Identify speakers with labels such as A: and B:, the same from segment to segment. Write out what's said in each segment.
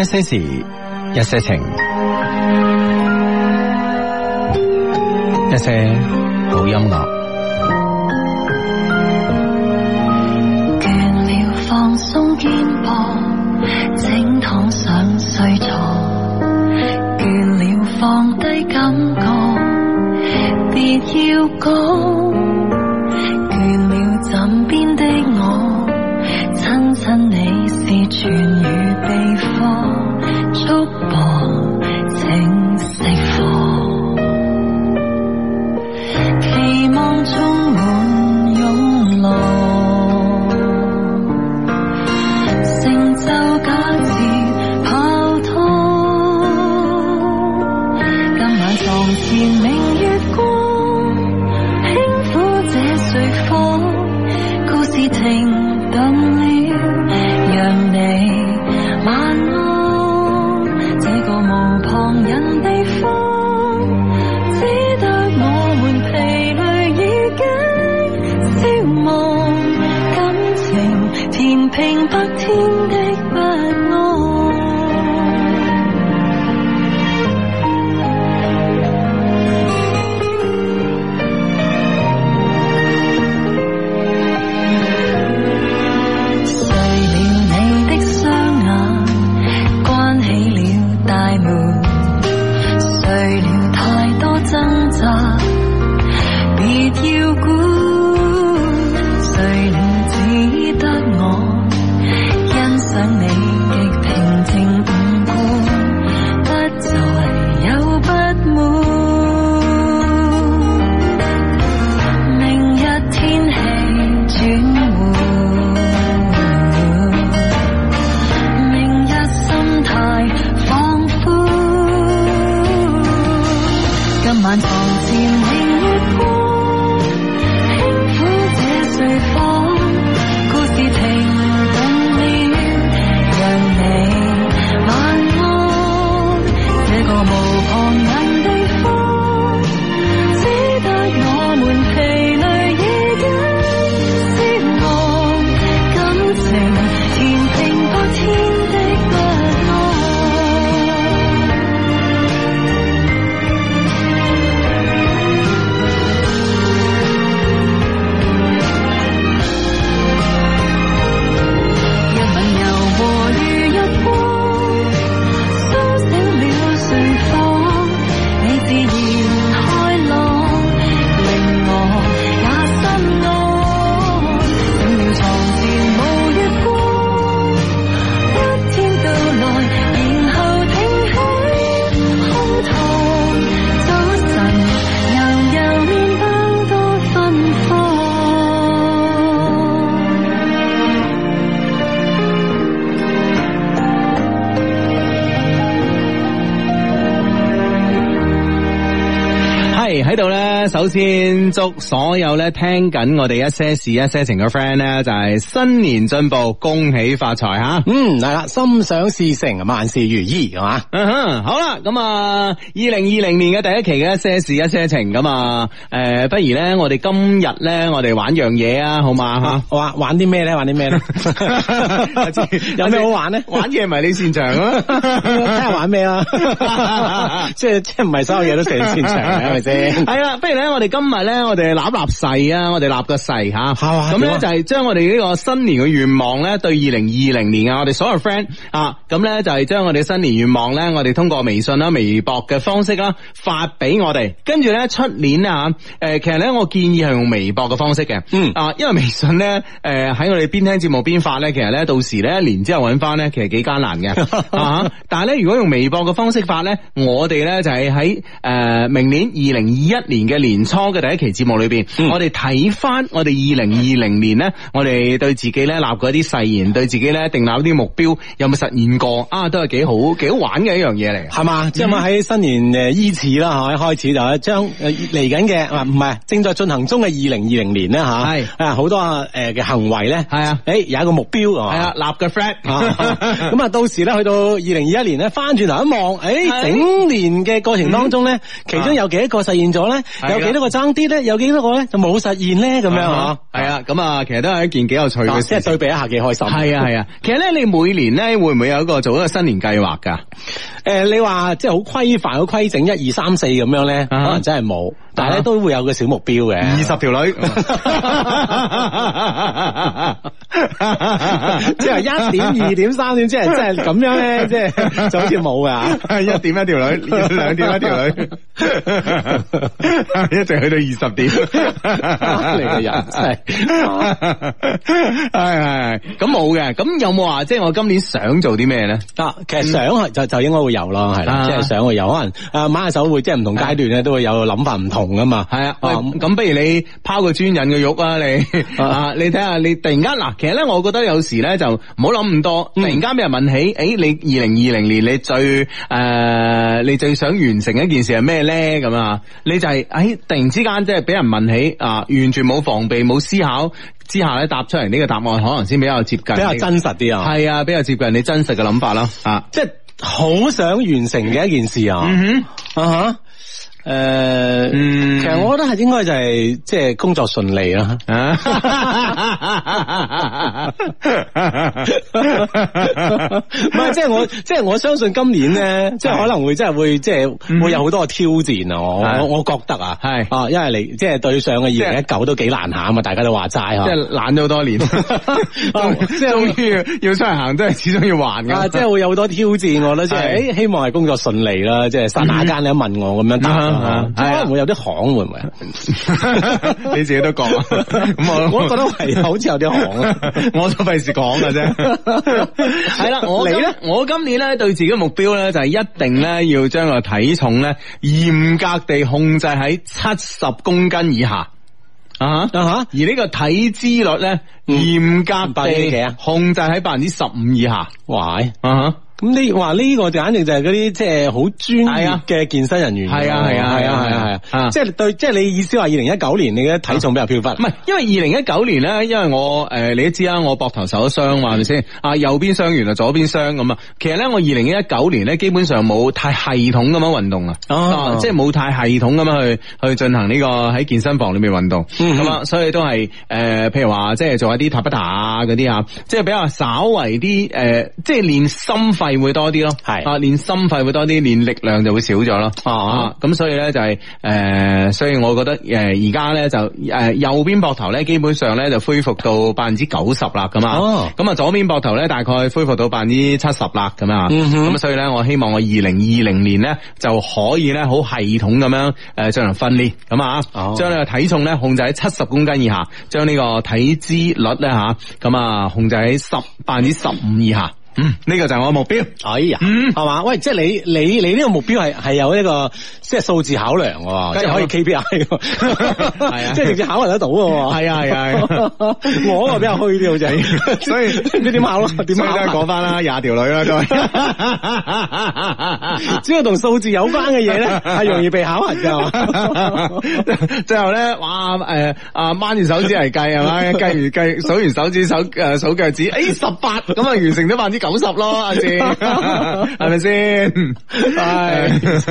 A: 一些事，一些情，
B: 一些好音樂。
A: 首先祝所有咧聽緊我哋一些事一些情嘅 friend 咧，就係、是、新年進步，恭喜發財吓。嗯，係啦，心想事成，萬事如意，係嘛、嗯？好啦，咁、嗯、啊，二零二零年嘅第一期嘅一些事一些情咁啊，誒、嗯嗯，不如咧，我哋今日咧，我哋玩樣嘢啊，好嘛吓？啊，玩啲咩咧？玩啲咩咧？ 有咩好玩咧？ 玩嘢唔係你擅長咯，睇下玩咩啊？嗯、看看什麼啊 即係即係唔係所有嘢都成你擅長嘅係咪先？係 啦，不如咧。我哋今日咧，我哋立立誓啊！我哋立個誓吓，咁咧就係將我哋呢個新年嘅願望咧，對二零二零年啊，我哋所有 friend 啊，咁咧就係、是、將我哋新年願望咧，我哋通過微信啦、微博嘅方式啦，發俾我哋。跟住咧，出年啊，誒，其實咧，我建議係用微博嘅方式嘅，嗯啊，因為微信咧，誒，喺我哋邊聽節目邊發咧，其實咧，到時咧一年之後揾翻咧，其實幾艱難嘅啊。 但係咧，如果用微博嘅方式發咧，我哋咧就係喺誒明年二零二一年嘅年。年初嘅第一期節目裏邊、嗯，我哋睇翻我哋二零二零年呢，我哋對自己咧立過啲誓言，對自己咧定立嗰啲目標，有冇實現過啊？都係幾好，幾好玩嘅一樣嘢嚟，係嘛？即係我喺新年誒伊始啦，開始就係將嚟緊嘅唔係正在進行中嘅二零二零年咧吓，係啊好多誒嘅行為咧，係啊誒、欸、有一個目標係啊，啊立嘅 flag，咁啊到時咧去到二零二一年咧翻轉頭一望，誒、欸啊、整年嘅過程當中咧、嗯，其中有幾多個實現咗咧、啊？有。幾多個爭啲咧？有幾多個咧就冇實現咧？咁樣嗬？係啊，咁啊，啊，啊，其實都係一件幾有趣嘅事、啊。即、就、係、是、對比一下幾開心。係啊，係啊，啊 其實咧你每年咧會唔會有一個做一個新年計劃噶？誒、呃，你話即係好規範、好規整，一二三四咁樣咧，uh -huh. 可能真係冇，但係咧、uh -huh. 都會有個小目標嘅，二十條女，
B: 即係一點、二點、
A: 三點，即係即係咁樣咧，即 係就好似冇㗎。一 點一條女，兩點一條女， 一直去到二十點， 你嘅的人真係，係咁冇嘅，咁、啊、 有冇話即係我今年想做啲咩咧？啊，其實想就就應該會有。有、啊、咯，係啦，即係想，有可能啊，買下手會，即係唔同階段咧、啊，都會有諗法唔同噶嘛。係啊，喂，咁不如你拋個磚引嘅玉你啊，啊，你啊，你睇下，你突然間嗱、啊，其實咧，我覺得有時咧就唔好諗咁多、嗯，突然間俾人問起，誒、欸，你二零二零年你最誒、呃，你最想完成一件事係咩咧？咁啊，你就係、是、喺、欸、突然之間即係俾人問起啊，完全冇防備、冇思考之下咧，答出嚟呢個答案，可能先比較接近、比較真實啲啊。係啊，比較接近你真實嘅諗法咯、啊。啊，即係。好想完成嘅一件事啊！嗯哼，啊哈。誒、呃，其、嗯、實我覺得係應該就係即係工作順利啦、啊。唔 係， 即、就、係、是、我即係、就是、我相信今年咧，即、嗯、係、就是、可能會即係會即係會有好多挑戰啊、嗯！我我覺得啊，係哦，因為你即係、就是、對上嘅二零一九都幾難行啊！大家都話齋，即係懶咗好多年，終終於要出嚟行，都係始終要還噶。即、就、係、是、會有好多挑戰，我覺得即、就、係、是欸、希望係工作順利啦。即係剎那間你一問我咁、嗯、樣。嗯可、嗯、能、嗯嗯、會有啲行，會唔會？ 你自己都講，咁 我我都覺得係，好似有啲行。我都費事講噶啫。
B: 係啦，我你咧，
A: 我今年咧對自己嘅目標咧就係一定咧要將個體重咧嚴格地控制喺七十公斤以下。啊、嗯、哈，而呢個體脂率咧嚴格地控制喺百分之十五以下。喂、嗯！啊、嗯、哈！嗯嗯咁你話呢個就肯定就係嗰啲即係好專業嘅健身人員，啊。係啊係啊係啊係啊係啊，即係、啊啊啊啊啊啊啊就是、對即係、就是、你意思話二零一九年你嘅體重比較飄忽。唔係、啊，因為二零一九年咧，因為我誒你都知啦，我膊頭受咗傷，係咪先啊？右邊傷完啊，左邊傷咁啊。其實咧，我二零一九年咧，基本上冇太系統咁樣運動，哦、啊，即係冇太系統咁樣去去進行呢個喺健身房裏面運動咁啊、嗯嗯。所以都係誒，譬如話即係做一啲塔不塔啊嗰啲啊，即係比較稍為啲誒，即係練心肺。係會多啲咯，係啊，練心肺會多啲，練力量就會少咗咯。哦，咁、啊、所以咧就係、是、誒、呃，所以我覺得誒而家咧就誒、呃、右邊膊頭咧基本上咧就恢復到百分之九十啦，咁啊，咁啊、哦、左邊膊頭咧大概恢復到百分之七十啦，咁、嗯、啊，咁所以咧我希望我二零二零年咧就可以咧好系統咁樣誒進行訓練，咁啊、哦，將呢個體重咧控制喺七十公斤以下，將呢個體脂率咧吓咁啊控制喺十百分之十五以下。嗯，呢、這個就係我目標。哎呀，係、嗯、嘛？喂，即係你你你呢個目標係係有呢個即係數字考量，即係可以 KPI，係、嗯、 啊，即係直接考核得到喎。係啊係啊，啊，我個比較虛啲好似，所以你點考咯？點都係講翻啦，廿條女啦都係， 只要同數字有關嘅嘢咧，係容易被考核嘅。 最後咧，哇誒、呃，啊，掹完，完，完手指嚟計係咪？計完計數完手指手誒數腳趾，誒十八咁啊，完成咗九十咯，阿係咪先？係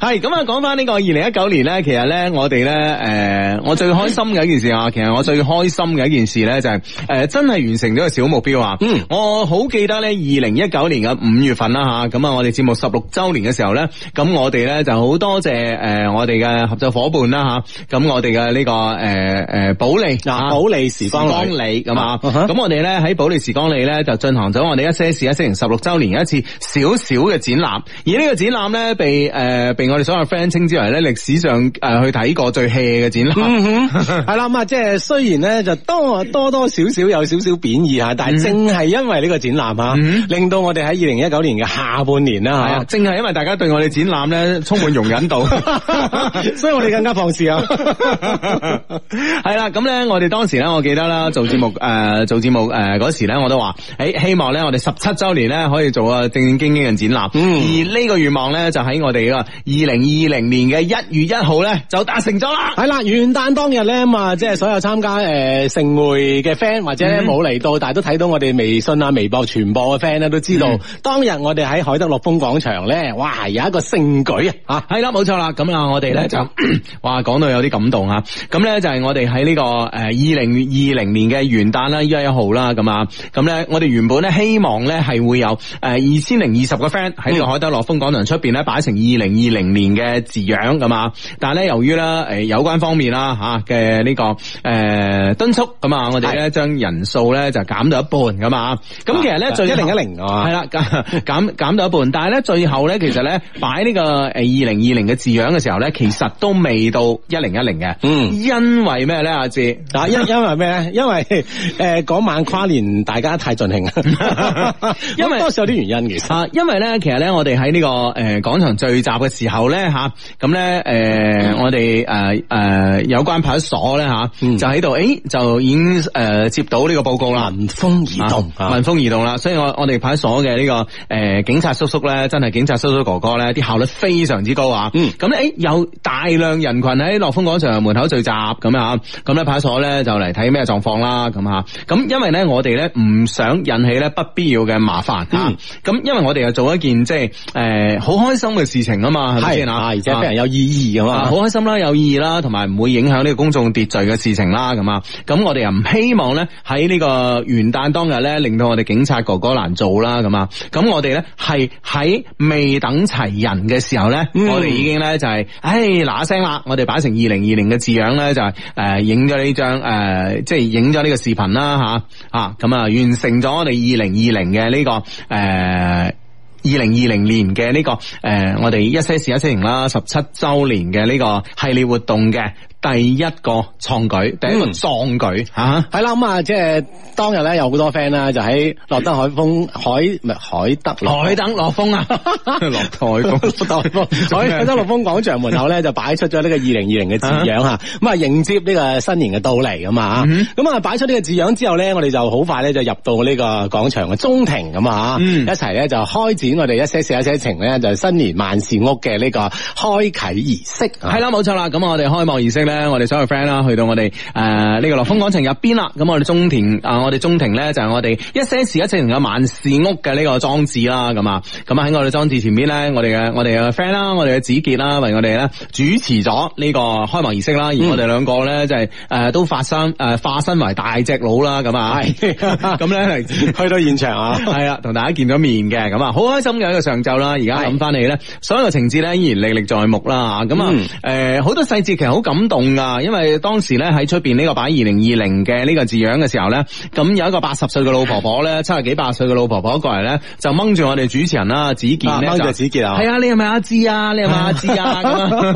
A: 係咁啊！講翻呢個二零一九年咧，其實咧我哋咧誒，我最開心嘅一件事啊， 其實我最開心嘅一件事咧就係、是、誒、呃，真係完成咗個小目標啊！嗯，我好記得咧，二零一九年嘅五月份啦吓，咁啊，我哋節目十六周年嘅時候咧，咁我哋咧就好多謝誒，我哋嘅合作伙伴啦吓，咁、啊、我哋嘅呢個誒誒、呃、保利嗱、啊、保利時光里咁啊，咁我哋咧喺保利時光里咧、啊啊、就進行咗我哋一次。即係四一四零十六周年一次小小嘅展覽，而呢個展覽咧被誒、呃、被我哋所有 friend 稱之為咧歷史上誒、呃、去睇過最 hea 嘅展覽。係、mm、啦 -hmm.，咁啊，即係雖然咧就多多多少少有少少貶義吓，但係正係因為呢個展覽啊，mm -hmm. 令到我哋喺二零一九年嘅下半年啦，係、uh、啊 -huh.，正係因為大家對我哋展覽咧充滿容忍度， 所以我哋更加放肆啊。係 啦，咁咧我哋當時咧我記得啦做節目誒、呃、做節目誒嗰、呃、時咧我都話誒、欸、希望咧我哋七周年咧可以做啊正正經經嘅展覽、嗯，而呢個願望咧就喺我哋個二零二零年嘅一月一號咧就達成咗啦。係啦，元旦當日咧咁啊，即係所有參加誒、呃、盛會嘅 friend 或者冇嚟到，嗯、但係都睇到我哋微信啊、微博傳播嘅 friend 咧都知道，嗯、當日我哋喺海德樂峰廣場咧，哇，有一個盛舉啊！吓，係啦，冇錯啦，咁啊，我哋咧就哇講到有啲感動啊！咁咧就係我哋喺呢個誒二零二零年嘅元旦啦，一月一號啦，咁啊，咁咧我哋原本咧希望。咧係會有誒二千零二十個 friend 喺呢個海德樂峰廣場出邊咧擺成二零二零年嘅字樣咁啊，但係咧由於啦誒有關方面啦吓嘅呢個誒敦促咁啊，我哋咧將人數咧就減到一半咁啊，咁其實咧就一零一零，係啦，減減到一半，但係咧最後咧其實咧擺呢個誒二零二零嘅字樣嘅時候咧，其實都未到一零一零嘅，嗯，因為咩咧阿志因因為咩咧？因為誒嗰晚跨年大家太盡興。因為多少有啲原因嘅、這個呃，啊，因為咧，其實咧，我哋喺呢個誒廣場聚集嘅時候咧，吓、呃，咁咧，誒，我哋誒誒有關派出所咧，吓，就喺度，誒，就已經誒、呃、接到呢個報告啦，聞風而動，聞、啊、風而動啦，所以我我哋派出所嘅呢個誒、呃、警察叔叔咧，真係警察叔叔哥哥咧，啲效率非常之高啊，嗯，咁咧，誒，有大量人群喺樂豐廣場門口聚集咁啊，咁咧派出所咧就嚟睇咩狀況啦，咁啊，咁因為咧我哋咧唔想引起咧不必要。嘅麻煩吓，咁因為我哋又做一件即係誒好開心嘅事情啊嘛，係咪先啊？而且非常有意義啊嘛，好、啊嗯、開心啦，有意義啦，同埋唔會影響呢個公眾秩序嘅事情啦，咁啊，咁我哋又唔希望咧喺呢個元旦當日咧令到我哋警察哥哥難做啦，咁啊，咁我哋咧係喺未等齊人嘅時候咧、嗯，我哋已經咧就係誒嗱聲啦，我哋擺成二零二零嘅字樣咧就係誒影咗呢張誒即係影咗呢個視頻啦吓咁啊，啊完成咗我哋二零二零。嘅、這、呢個誒，二零二零年嘅呢、這個誒、呃，我哋一些事一些情啦，十七周年嘅呢個系列活動嘅。第一個創舉，第一個壯舉吓，係啦咁啊，即係當日咧有好多 friend 啦，就喺樂德海豐海唔係海德，海登樂豐啊，樂台港樂豐，海德樂豐廣場門口咧就擺出咗呢個二零二零嘅字樣吓，咁啊迎接呢個新年嘅到嚟，咁啊，咁啊擺出呢個字樣之後咧，我哋就好快咧就入到呢個廣場嘅中庭咁啊、嗯，一齊咧就開展我哋一些事一些情咧，就係、新年萬事屋嘅呢個開啟儀式，係啦冇錯啦，咁、啊、我哋開幕儀式咧。我哋所有 friend 啦，去到我哋誒呢個樂富廣場入邊啦。咁我哋中庭啊、呃，我哋中庭咧就係、是、我哋一些事一些情嘅萬事屋嘅呢個裝置啦。咁啊，咁啊喺我哋裝置前面咧，我哋嘅我哋嘅 friend 啦，我哋嘅子杰啦，為我哋咧主持咗呢個開幕儀式啦、嗯。而我哋兩個咧就係、是、誒、呃、都化身誒、呃、化身為大隻佬啦。咁啊、咁、嗯、咧 去到現場啊，係啊，同大家見咗面嘅。咁啊，好開心嘅一個上晝啦。而家諗翻起咧，所有嘅情節咧依然歷歷在目啦。咁啊，誒、嗯、好、呃、多細節其實好感動。啊，因為當時咧喺出邊呢個擺二零二零嘅呢個字樣嘅時候咧，咁有一個八十歲嘅老婆婆咧，七十幾八歲嘅老婆婆過嚟咧，就掹住我哋主持人啦，子健咧就掹住子健啊，係啊,、嗯、啊，你係咪阿志啊？你係咪阿志啊？係啦，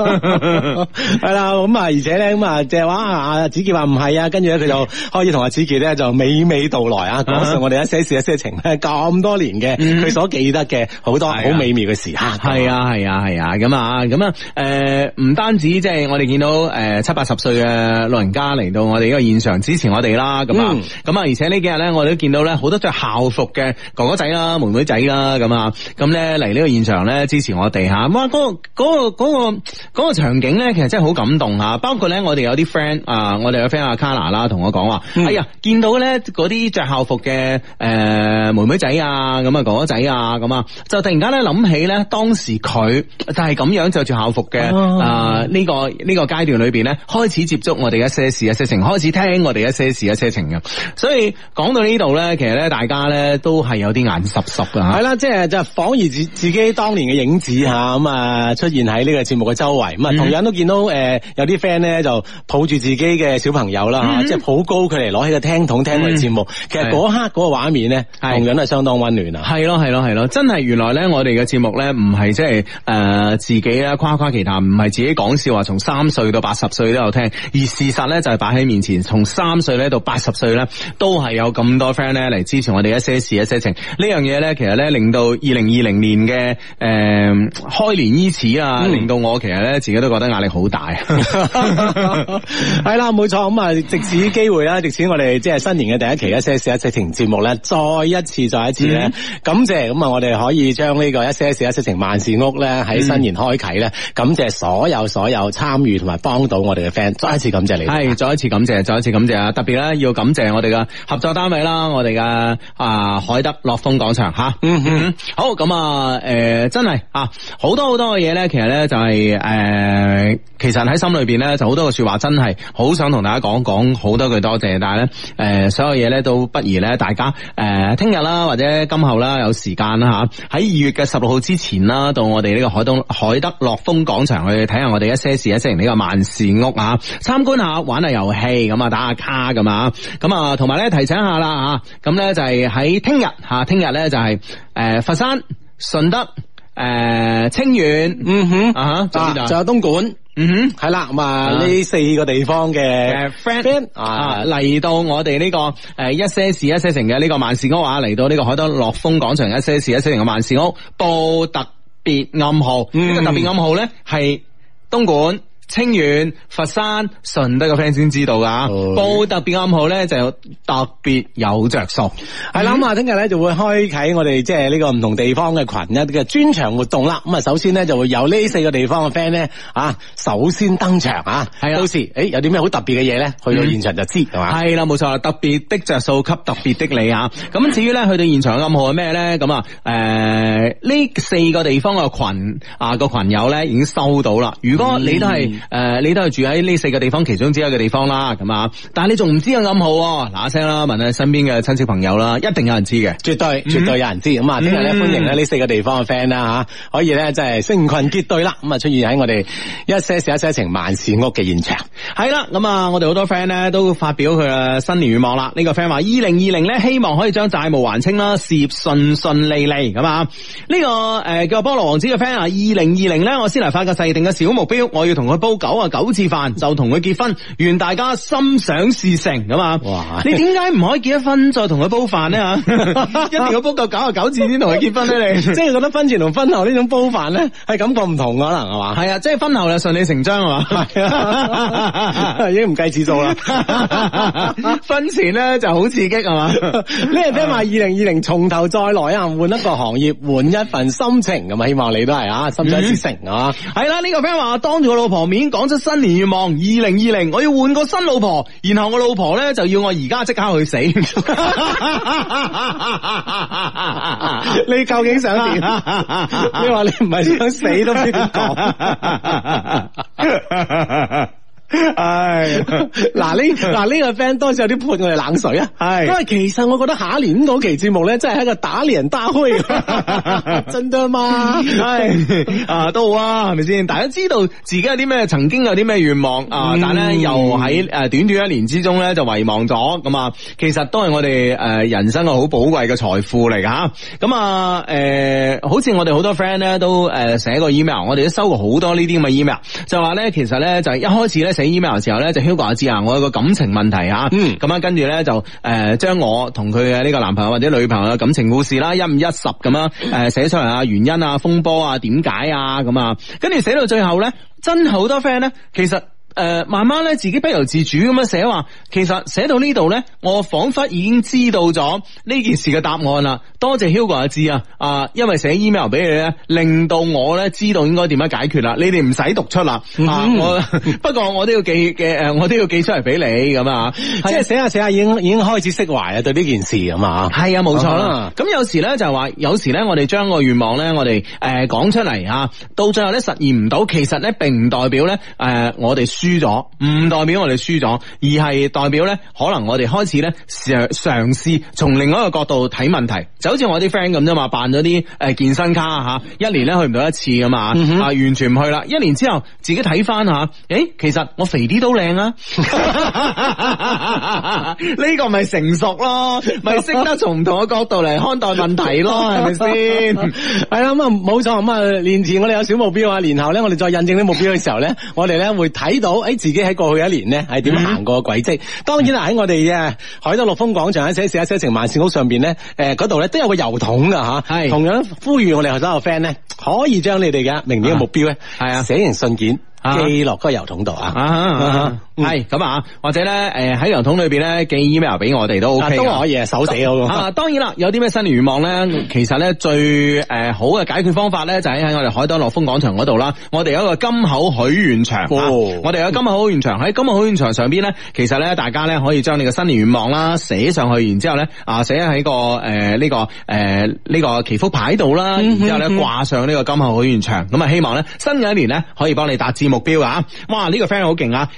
A: 咁、嗯、啊，而且咧，咁啊，就係話阿子健話唔係啊，跟住咧佢就可以同阿子健咧就娓娓道來啊，講述我哋一些事、一些情，咁多年嘅佢所記得嘅好多好美妙嘅時刻，係、嗯、啊，係、嗯嗯 嗯、 啊，係啊，咁啊，咁啊，誒、啊，唔單止即係我哋見到誒。七八十歲嘅老人家嚟到我哋呢、嗯、個現場支持我哋啦，咁啊，咁啊，而且呢幾日咧，我哋都見到咧好多着校服嘅哥哥仔啦、妹妹仔啦，咁啊，咁咧嚟呢個現場咧支持我哋吓哇！嗰、嗰個、嗰個、嗰個嗰、嗰個場景咧，其實真係好感動吓，包括咧，我哋有啲 friend 啊，我哋嘅 friend 阿 Kara 啦，同我講話，哎呀，見到咧啲着校服嘅誒妹妹仔啊，咁啊哥哥仔啊，咁啊，就突然間咧諗起咧當時佢就係咁樣着住校服嘅啊呢個呢個階段裏邊。哦啊開始接觸我哋嘅一些事、一些情，開始聽我哋嘅一些事、一些情嘅。所以講到呢度咧，其實咧，大家咧都係有啲眼濕濕噶。係啦，即係就係，仿如自自己當年嘅影子吓，咁啊出現喺呢個節目嘅周圍。咁同樣都見到誒，有啲 friend 咧就抱住自己嘅小朋友啦，即係抱高佢嚟攞起個聽筒聽我哋節目。其實嗰刻嗰個畫面咧，同樣都係，嗯嗯、相當溫暖啊。係咯，係咯，係咯，真係原來咧，我哋嘅節目咧唔係即係誒自己啊誇誇其談，唔係自己講笑話，從三歲到八十歲都有聽，而事實咧就係擺喺面前，從三歲咧到八十歲咧，都係有咁多 friend 咧嚟支持我哋一些事一些情呢樣嘢咧，其實咧令到二零二零年嘅誒、呃、開年伊始啊，令到我其實咧自己都覺得壓力好大。係、嗯、啦， 冇錯，咁啊，值此機會啦，值此我哋即係新年嘅第一期一些事一些情節目咧，再一次再一次咧，感謝，咁啊，我哋可以將呢個一些事一些情萬事屋咧喺新年開啟咧，感謝所有所有參與同埋幫到。我哋嘅 friend，再一次感謝你。係，再一次感謝，再一次感謝啊！特別咧要感謝我哋嘅合作單位啦，我哋嘅啊海德樂豐廣場吓。嗯、啊、嗯， 好，咁、呃、啊，誒真係啊，好多好多嘅嘢咧，其實咧就係誒，其實喺心裏邊咧就好多嘅說話，真係好想同大家講講好多句多謝，但係咧誒所有嘢咧都不如咧大家誒聽日啦或者今後啦有時間啦吓，喺二月嘅十六號之前啦，到我哋呢個海東海德樂豐廣場去睇下我哋一些事一些情呢個萬事屋啊，參觀下，玩下遊戲，咁啊打下卡咁啊，咁啊同埋咧提醒下啦啊，咁咧就係喺聽日吓，聽日咧就係、是、誒、呃、佛山、順德、誒、呃、清遠，嗯哼啊，仲有、啊就是、東莞，嗯哼，係啦，咁啊呢四個地方嘅、uh, friend 啊、uh, 嚟到我哋呢、這個誒一些事一些情嘅呢個萬事屋啊，嚟到呢個海德樂峰廣場一些事一些情嘅萬事屋，報特別暗號，呢、嗯這個特別暗號咧係東莞。清遠、佛山、順德嘅 friend 先知道噶、啊嗯，報特別暗號咧，就特別有着數。係、嗯、啦，咁啊，聽日咧就會開啟我哋即係呢個唔同地方嘅群一啲嘅專場活動啦。咁啊，首先咧就會有呢四個地方嘅 friend 咧啊，首先登場啊，係啊，到時誒、欸，有啲咩、嗯、好特別嘅嘢咧，去到現場就知係啦。係啦，冇、呃、錯，特別的着數及特別的你啊。咁至於咧去到現場暗號係咩咧咁啊，誒呢四個地方嘅群啊個群友咧已經收到啦。如果你都係。嗯誒、呃，你都係住喺呢四個地方其中之一嘅地方啦，咁啊，但係你仲唔知個暗號？嗱聲啦，問下身邊嘅親戚朋友啦，一定有人知嘅，絕對、嗯、絕對有人知。咁啊，聽日咧，歡迎咧呢四個地方嘅 friend 啦，吓可以咧，就係、是、成群結隊啦，咁啊，出現喺我哋一些事一些情萬事屋嘅現場。係啦，咁啊，我哋好多 friend 咧都發表佢嘅新年願望啦。呢、這個 friend 話：二零二零咧，希望可以將債務還清啦，事業順順利利。咁啊，呢個誒叫菠蘿王子嘅 friend 啊，二零二零咧，我先嚟發個細定嘅小目標，我要同佢。煲九啊九次飯就同佢結婚，願大家心想事成咁啊！你點解唔可以結咗婚再同佢煲飯呢？ 一定要煲夠九啊九次先同佢結婚呢？你即係覺得婚前同婚後呢種煲飯呢，係感覺唔同嘅，可能係嘛？係啊，即係婚後就順理成章係嘛？ 已經唔計次數啦，婚 前呢就好刺激係嘛？呢個 friend 話二零二零從頭再來啊，換一個行業，換一份心情咁啊！希望你都係啊，心想事成、嗯、啊！係、這、啦、個，呢個 friend 話當住個老婆面，已經講出新年願望？二零二零我要換個新老婆，然後我老婆咧就要我而家即刻去死。 你究竟想點？ 你話你唔係想死都唔知點講
B: 係嗱呢嗱
A: 呢個 friend 當時有啲潑我哋冷水啊！係，因為其實我覺得下一年嗰期節目咧，真係喺個打連打虛，真噶嘛？係啊，都、 啊、好啊，係咪先？大家知道自己有啲咩曾經有啲咩願望啊？但咧又喺誒短短一年之中咧就遺忘咗咁啊！其實都係我哋誒人生嘅好寶貴嘅財富嚟噶吓。咁啊誒、呃，好似我哋好多 friend 咧都誒寫 email，我哋都收過好多呢啲咁嘅 email，就話咧其實咧就係一開始咧。寫 email 嘅時候咧，就 Hugo 阿志啊，我有個感情問題啊，嗯，咁樣跟住咧就誒、呃、將我同佢嘅呢個男朋友或者女朋友嘅感情故事啦，一五一十咁樣誒寫、呃、出嚟啊，原因啊，風波啊，點解啊咁啊，跟住寫到最後咧，真好多 friend 咧其實。誒、呃，慢慢咧，自己不由自主咁樣寫話，其實寫到呢度咧，我仿佛已經知道咗呢件事嘅答案啦。多謝 Hugo 阿志啊，啊，因為寫 email 俾你咧，令到我咧知道應該點樣解決啦。你哋唔使讀出啦，嗯啊，我不過我都要記嘅。誒，我都要寄出嚟俾你咁 啊，即係寫下寫下，已經已經開始釋懷啊，對呢件事咁啊。係啊，冇錯啦。咁、嗯、有時咧就係話，有時咧我哋將個願望咧，我哋誒講出嚟吓，到最後咧實現唔到，其實咧並唔代表咧誒我哋。輸咗唔代表我哋輸咗，而係代表咧，可能我哋開始咧嘗嘗試從另外一個角度睇問題，就好似我啲 friend 咁啫嘛，辦咗啲誒健身卡吓一年咧去唔到一次噶嘛、嗯，啊完全唔去啦，一年之後自己睇返吓，誒、欸，其實我肥啲都靚啊，呢 個咪成熟咯，咪 識得從唔同嘅角度嚟看待問題咯，係咪先？係 啦、 嗯，咁啊冇錯，咁啊年前我哋有小目標啊，年後咧我哋再印證啲目標嘅時候咧，我哋咧會睇到。誒，自己喺過去一年咧係點行過軌跡？當然啊，喺我哋海德陸峰廣場喺寫寫寫成萬線屋上邊咧，誒嗰度咧都有個郵筒噶吓，係同樣呼籲我哋學生個 friend 咧，可以將你哋嘅明年嘅目標咧，係啊寫成信件寄落嗰個郵筒度啊。係、嗯、咁啊，或者咧，誒喺郵筒裏邊咧寄 email 俾我哋都 ok，都可以啊，手寫嗰個。啊，當然啦，有啲咩新年願望咧， 其實咧最誒好嘅解決方法咧，就喺、是、喺我哋海德樂峰廣場嗰度啦。我哋有一個金口許願牆，我哋有個金口許願牆，喺金口許願牆上邊咧，其實咧大家咧可以將你嘅新年願望啦、啊、寫上去然，然之後咧啊寫喺個誒呢、呃這個誒呢、呃這個祈福牌度啦、嗯，然之後咧掛上呢個金口許願牆，咁、嗯、啊、嗯、希望咧新嘅一年咧可以幫你達至目標啊，啊！哇，呢、這個 friend 好勁啊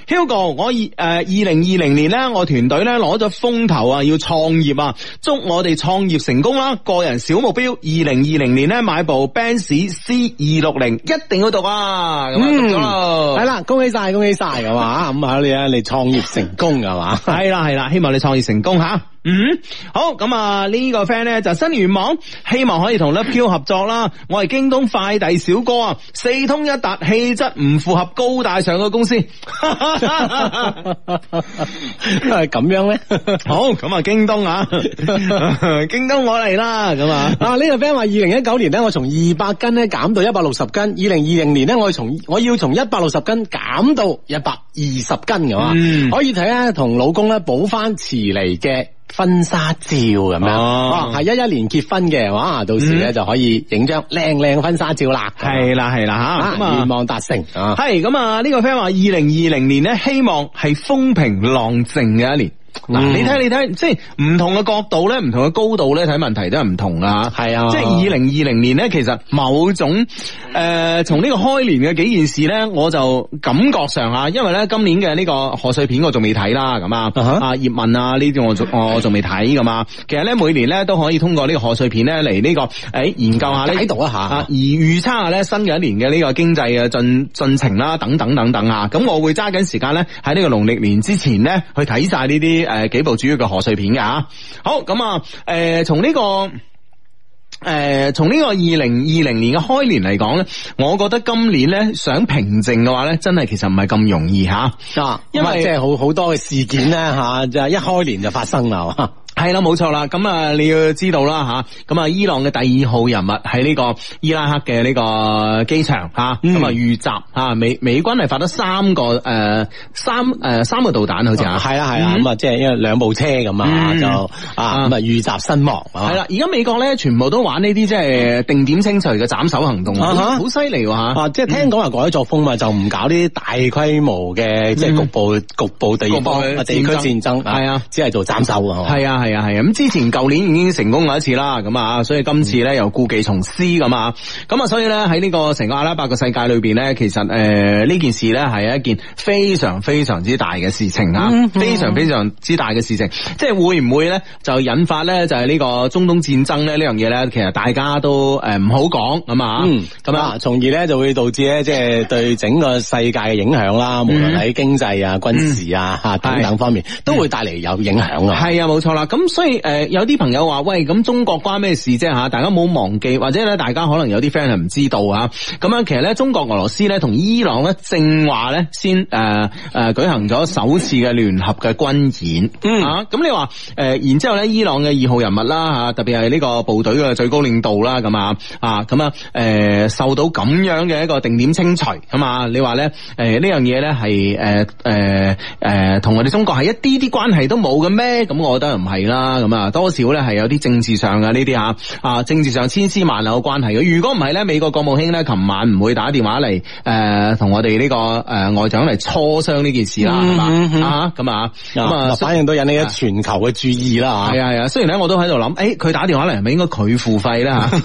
A: 我二誒二零二零年咧，我團隊咧攞咗風頭啊，要創業啊，祝我哋創業成功啦、啊！個人小目標，二零二零年咧買部 Benz C 二六零，一定要讀啊！咁係啦，恭喜晒，恭喜晒，係嘛，咁 啊你啊嚟創業成功嘅嘛？係啦係啦，希望你創業成功吓。嗯，好咁啊！個 fan 呢個 friend 咧就新源網，希望可以同 Love Q 合作啦。我係京東快遞小哥啊，四通一達，氣質唔符合高大上嘅公司，都係咁樣咧。好，咁啊，京東啊， 京東我嚟啦。咁 啊，啊呢個 friend 話，二零一九年咧，我從二百斤咧減到一百六十斤，二零二零年咧，我從我要從一百六十斤減到一百二十斤嘅啊，可以睇啊，同老公咧補翻遲嚟嘅。婚紗照咁樣，哦、啊，係一一年結婚嘅話，到時咧就可以影張靚靚婚紗照啦，係啦係啦吓，咁啊，願望達成，啊。係咁啊，呢個 friend 話，二零二零年咧希望係、啊嗯嗯啊這個、風平浪靜嘅一年。嗱、嗯，你睇你睇，即係唔同嘅角度咧，唔同嘅高度咧，睇問題都係唔同啊！係啊，即係二零二零年咧，其實某種誒，從、呃、呢個開年嘅幾件事咧，我就感覺上啊，因為咧今年嘅呢個賀歲片我仲未睇啦，咁啊，啊葉問啊呢啲、啊、我仲我仲未睇咁啊，其實咧每年咧都可以通過呢個賀歲片咧嚟呢個誒、哎、研究下睇、這、度、個、一下，啊、而預測下咧新嘅一年嘅呢個經濟嘅進進程啦，等等等等，等，等啊！咁我會揸緊時間咧喺呢個農曆年之前咧去睇晒呢啲。誒，幾部主要嘅賀歲片㗎吓，好咁啊，誒、呃，從呢、這個，誒、呃，從呢個二零二零年嘅開年嚟講咧，我覺得今年咧想平靜嘅話咧，真係其實唔係咁容易吓，啊，因為即係好好多嘅事件咧吓，就係一開年就發生啦。係啦，冇錯啦，咁啊你要知道啦吓，咁啊伊朗嘅第二號人物喺呢個伊拉克嘅呢個機場吓，咁啊遇襲吓，美美軍係發咗三個誒、呃、三誒、呃、三個導彈，好似啊，係啦係啦，咁啊即係因為兩部車咁、嗯、啊就啊咁啊遇襲身亡。係啦，而家美國咧全部都玩呢啲即係定點清除嘅斬首行動，好犀利吓，即係聽講話改作風嘛，就唔搞呢啲大規模嘅即係局部局部地，地區戰爭係啊，啊，只係做斬首啊，係啊係。係啊，係啊，咁之前舊年已經成功過一次啦，咁啊，所以今次咧又故伎重施咁啊，咁啊，所以咧喺呢個成個阿拉伯世界裏邊咧，其實誒呢件事咧係一件非常非常之大嘅事情啊，嗯，非常非常之大嘅事情，即係會唔會咧就引發咧就係呢個中東戰爭咧呢樣嘢咧，其實大家都誒唔好講咁啊，咁、嗯、啊，從而咧就會導致咧即係對整個世界嘅影響啦，嗯，無論喺經濟啊、軍事啊吓等等方面，嗯，都會帶嚟有影響啊，係、嗯、啊，冇錯啦。咁所以誒，有啲朋友話，喂，咁中國關咩事啫吓？大家冇忘記，或者咧，大家可能有啲 friend 係唔知道啊咁樣其實咧，中國俄羅斯咧同伊朗咧正話咧先誒誒舉行咗首次嘅聯合嘅軍演。嗯啊，咁你話誒，然之後咧，伊朗嘅二號人物啦吓，特別係呢個部隊嘅最高領導啦，咁啊啊咁啊誒，受到咁樣嘅一個定點清除，咁啊，你話咧誒呢樣嘢咧係誒誒誒同我哋中國係一啲啲關係都冇嘅咩？咁我覺得唔係。啦，咁啊，多少咧係有啲政治上嘅呢啲吓，啊，政治上千絲萬縷嘅關係嘅。如果唔係咧，美國國務卿咧，琴晚唔會打電話嚟，誒、呃，同我哋呢個誒外長嚟磋商呢件事啦，咁、嗯嗯嗯、啊，咁、嗯嗯嗯嗯嗯、啊，反應都引起咗全球嘅注意啦，係、嗯嗯、啊，啊，啊，啊，雖然咧，我都喺度諗，誒，佢打電話嚟，係咪應該佢付費啦吓？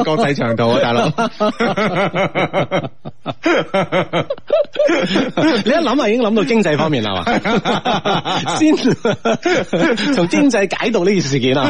A: 國際長途啊，大佬， 你一諗啊，已經諗到經濟方面啦嘛，
B: 先從
A: 經濟解讀呢件事件啊，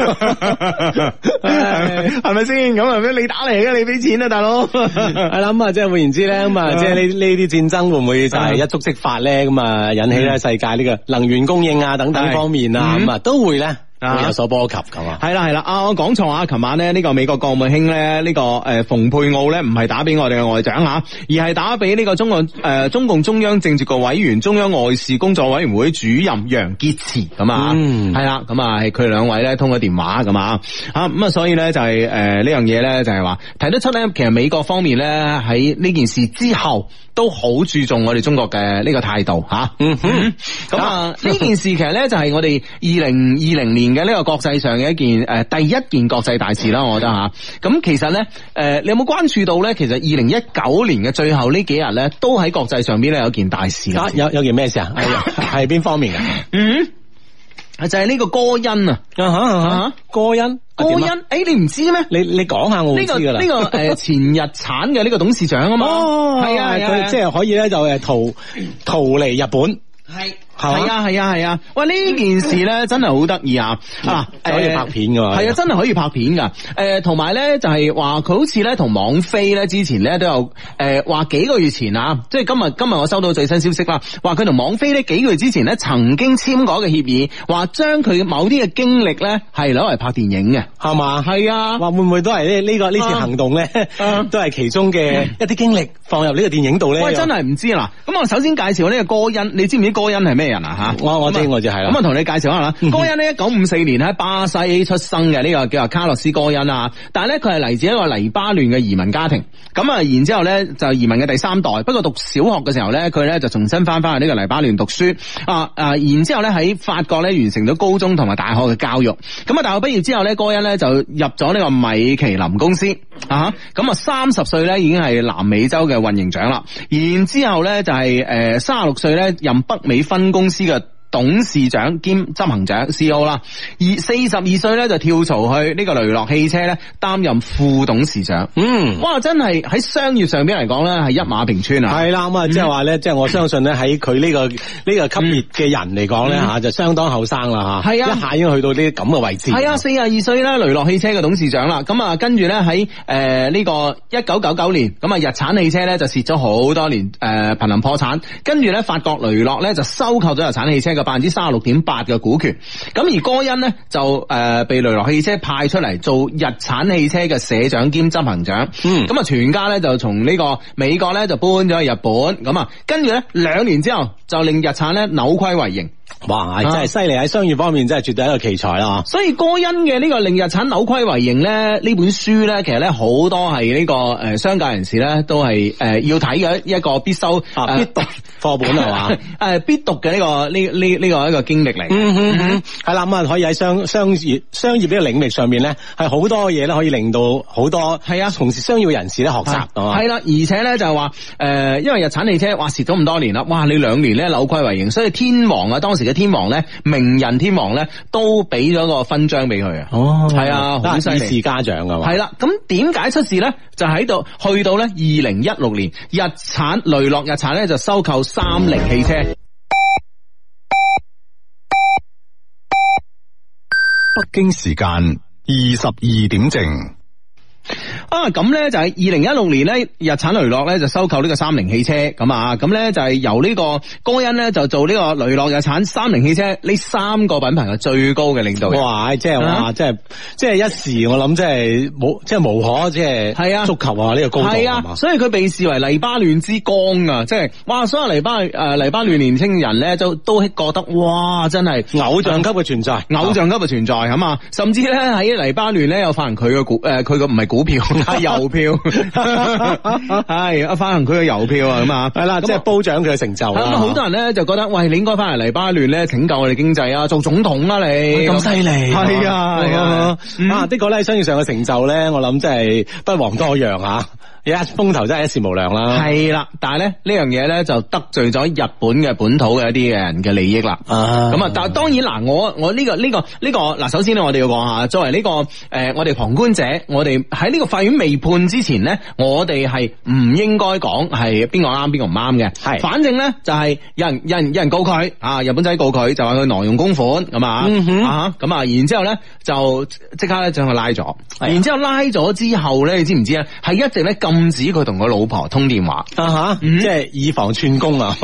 A: 係咪先咁？你打嚟嘅，你俾錢啊，大佬。係 啦 言之，咁啊，即係換言之咧，咁啊，即係呢呢啲戰爭會唔會就係一觸即發咧？咁啊，引起咧世界呢個能源供應啊等等， 等等方面啊，咁 啊、嗯、都會咧。有所波及咁啊，係啦係啦，啊我講錯啊，琴晚咧呢個美國國務卿咧呢個誒蓬佩奧咧唔係打俾我哋嘅外長啊，而係打俾呢個中共誒、呃、中共中央政治局委員、中央外事工作委員會主任楊潔篪咁啊，係啦，咁啊佢兩位咧通咗電話咁啊，啊咁啊所以咧就係誒呢樣嘢咧就係話睇得出咧，其實美國方面咧喺呢件事之後，都好注重我哋中國嘅呢個態度吓，咁、嗯嗯嗯嗯、啊呢件事其實呢，就係我哋二零二零年嘅呢個國際上嘅一件誒、呃、第一件國際大事啦，我覺得吓。咁、啊、其實呢，誒、呃，你有冇關注到呢？其實二零一九年嘅最後呢幾日呢，都喺國際上邊呢、啊，有件大事啊，有有件咩事啊？係 邊方面㗎？嗯。就係、是、呢個歌恩啊，吓吓吓，歌恩、啊、歌恩，誒、欸，你唔知咩？你你講下我呢、這個呢、這個誒、呃、前日產嘅呢、這個董事長啊嘛，哦，係啊，佢、啊啊啊、即係可以咧就誒逃 逃離日本。係。係啊，係啊，係啊！喂、啊，呢、啊啊啊、件事咧真係好得意啊！啊，可以拍片噶，係、欸、啊，真係可以拍片噶。誒、呃，同埋咧就係話佢好似咧同網飛咧之前咧都有誒話、呃、幾個月前啊，即、就、係、是、今日今日我收到最新消息啦。話佢同網飛呢幾個月之前咧曾經簽過一個協議，話將佢某啲嘅經歷咧係攞嚟拍電影嘅，係嘛？係啊，話會唔會都係呢呢個呢、啊、次行動咧、啊，都係其中嘅一啲經歷放入呢個電影度咧？喂，真係唔知啊！咁我首先介紹下呢個歌音，你知唔知歌音係咩？人啊吓，我、嗯、我知我,我就係啦、嗯。咁啊同你介紹下啦，歌恩呢，一九五四年喺巴西出生嘅呢、呢個叫做卡洛斯哥恩啊。但係咧佢係嚟自一個黎巴嫩嘅移民家庭。咁啊，然之後咧就移民嘅第三代。不過讀小學嘅時候咧，佢咧就重新翻翻去呢個黎巴嫩讀書啊。誒，然之後咧喺法國咧完成咗高中同埋大學嘅教育。咁啊，大學畢業之後咧，歌恩咧就入咗呢個米其林公司啊。咁啊，三十歲咧已經係南美洲嘅運營長啦。然之後咧就係誒三十六歲咧任北美分公。公司嘅。董事長兼執行長 CEO 啦，CEO，而四十二歲咧就跳槽去呢個雷諾汽車咧擔任副董事長。嗯，哇，真係喺商業上邊嚟講咧係一馬平川啊！係啦，咁啊即係話咧，即係、嗯、我相信咧喺佢呢個呢、嗯這個級別嘅人嚟講咧吓就相當後生啦吓，係、嗯、啊，一下已經去到呢啲咁嘅位置。係啊，四十二歲咧，雷諾汽車嘅董事長啦。咁啊，跟住咧喺誒呢個一九九九年，咁啊日產汽車咧就蝕咗好多年，誒瀕臨破產。跟住咧法國雷諾咧就收購咗日產汽車嘅。百分之三十六點八嘅股權，咁而戈恩呢，就誒被雷諾汽車派出嚟做日產汽車嘅社長兼執行長，嗯，咁啊全家咧就從呢個美國咧就搬咗去日本，咁啊跟住咧兩年之後就令日產咧扭虧為盈。哇！真係犀利，喺商業方面真係絕對一個奇才啦。所以歌恩嘅呢個令日產扭虧為盈咧，呢本書咧，其實咧好多係呢個誒商界人士咧都係誒要睇嘅一個必修、啊、必讀課本係嘛？誒、啊啊、必讀嘅呢、這個呢呢呢個一個經歷嚟。係、嗯、啦，咁、嗯、啊可以喺商商業商業呢個領域上面咧，係好多嘢，咧可以令到好多係啊，從事商業人士咧學習。係、啊、啦，而且咧就係話誒，因為日產汽車話蝕咗咁多年啦，哇你兩年咧扭虧為盈，所以天王啊當時，嘅天王咧，名人天王咧，都俾咗個勳章俾佢啊！哦，係啊，好犀利，是嘉獎噶。係啦、啊，咁點解出事咧？就喺度，去到咧，二零一六年，日產雷諾日產咧就收購三菱汽車，嗯。北京時間二十二點正。啊，咁咧就喺二零一六年咧，日產雷諾咧就收購呢個三菱汽車咁啊，咁咧就係由呢個高恩咧就做呢個雷諾、日產、三菱汽車呢三個品牌嘅最高嘅領導人。哇，即係哇、啊，即係即係一時，我諗即係冇即係無,無可即係係啊足球啊呢、啊這個高度係啊，所以佢被視為黎巴嫩之光啊！即係哇，所有黎巴誒黎巴嫩年青人咧，就都覺得哇，真係偶像級嘅存在、啊，偶像級嘅存在啊嘛！甚至咧喺黎巴嫩咧有發行佢嘅股誒，佢個唔係。股票加郵 油票。係 啊，發行佢嘅郵票啊，咁啊，係啦，即係褒獎佢嘅成就啦。好多人咧就覺得， 喂，你應該翻嚟黎巴嫩咧拯救我哋經濟啊，做總統啦、啊、你，咁犀利，係 啊，係啊、嗯，啊，的確咧，商業上嘅成就咧，我諗真係不遑多讓啊。 一、yes, 風頭真係一時無兩啦，係啦，但係咧呢樣嘢咧就得罪咗日本嘅本土嘅一啲嘅人嘅利益啦。咁啊，但係當然嗱，我我呢個呢個呢個嗱，首先咧我哋要講下，作為呢個誒我哋旁觀者，我哋喺呢個法院未判之前咧，我哋係唔應該講係邊個啱邊個唔啱嘅。係，反正咧就係有人有人有人告佢啊，日本仔告佢就話佢挪用公款咁啊，咁、mm -hmm. 啊，然後然後之後咧就即刻咧將佢拉咗。然之後拉咗之後咧，你知唔知啊？係一直咧禁止佢同佢老婆通電話啊吓、嗯，即係以防串供啊，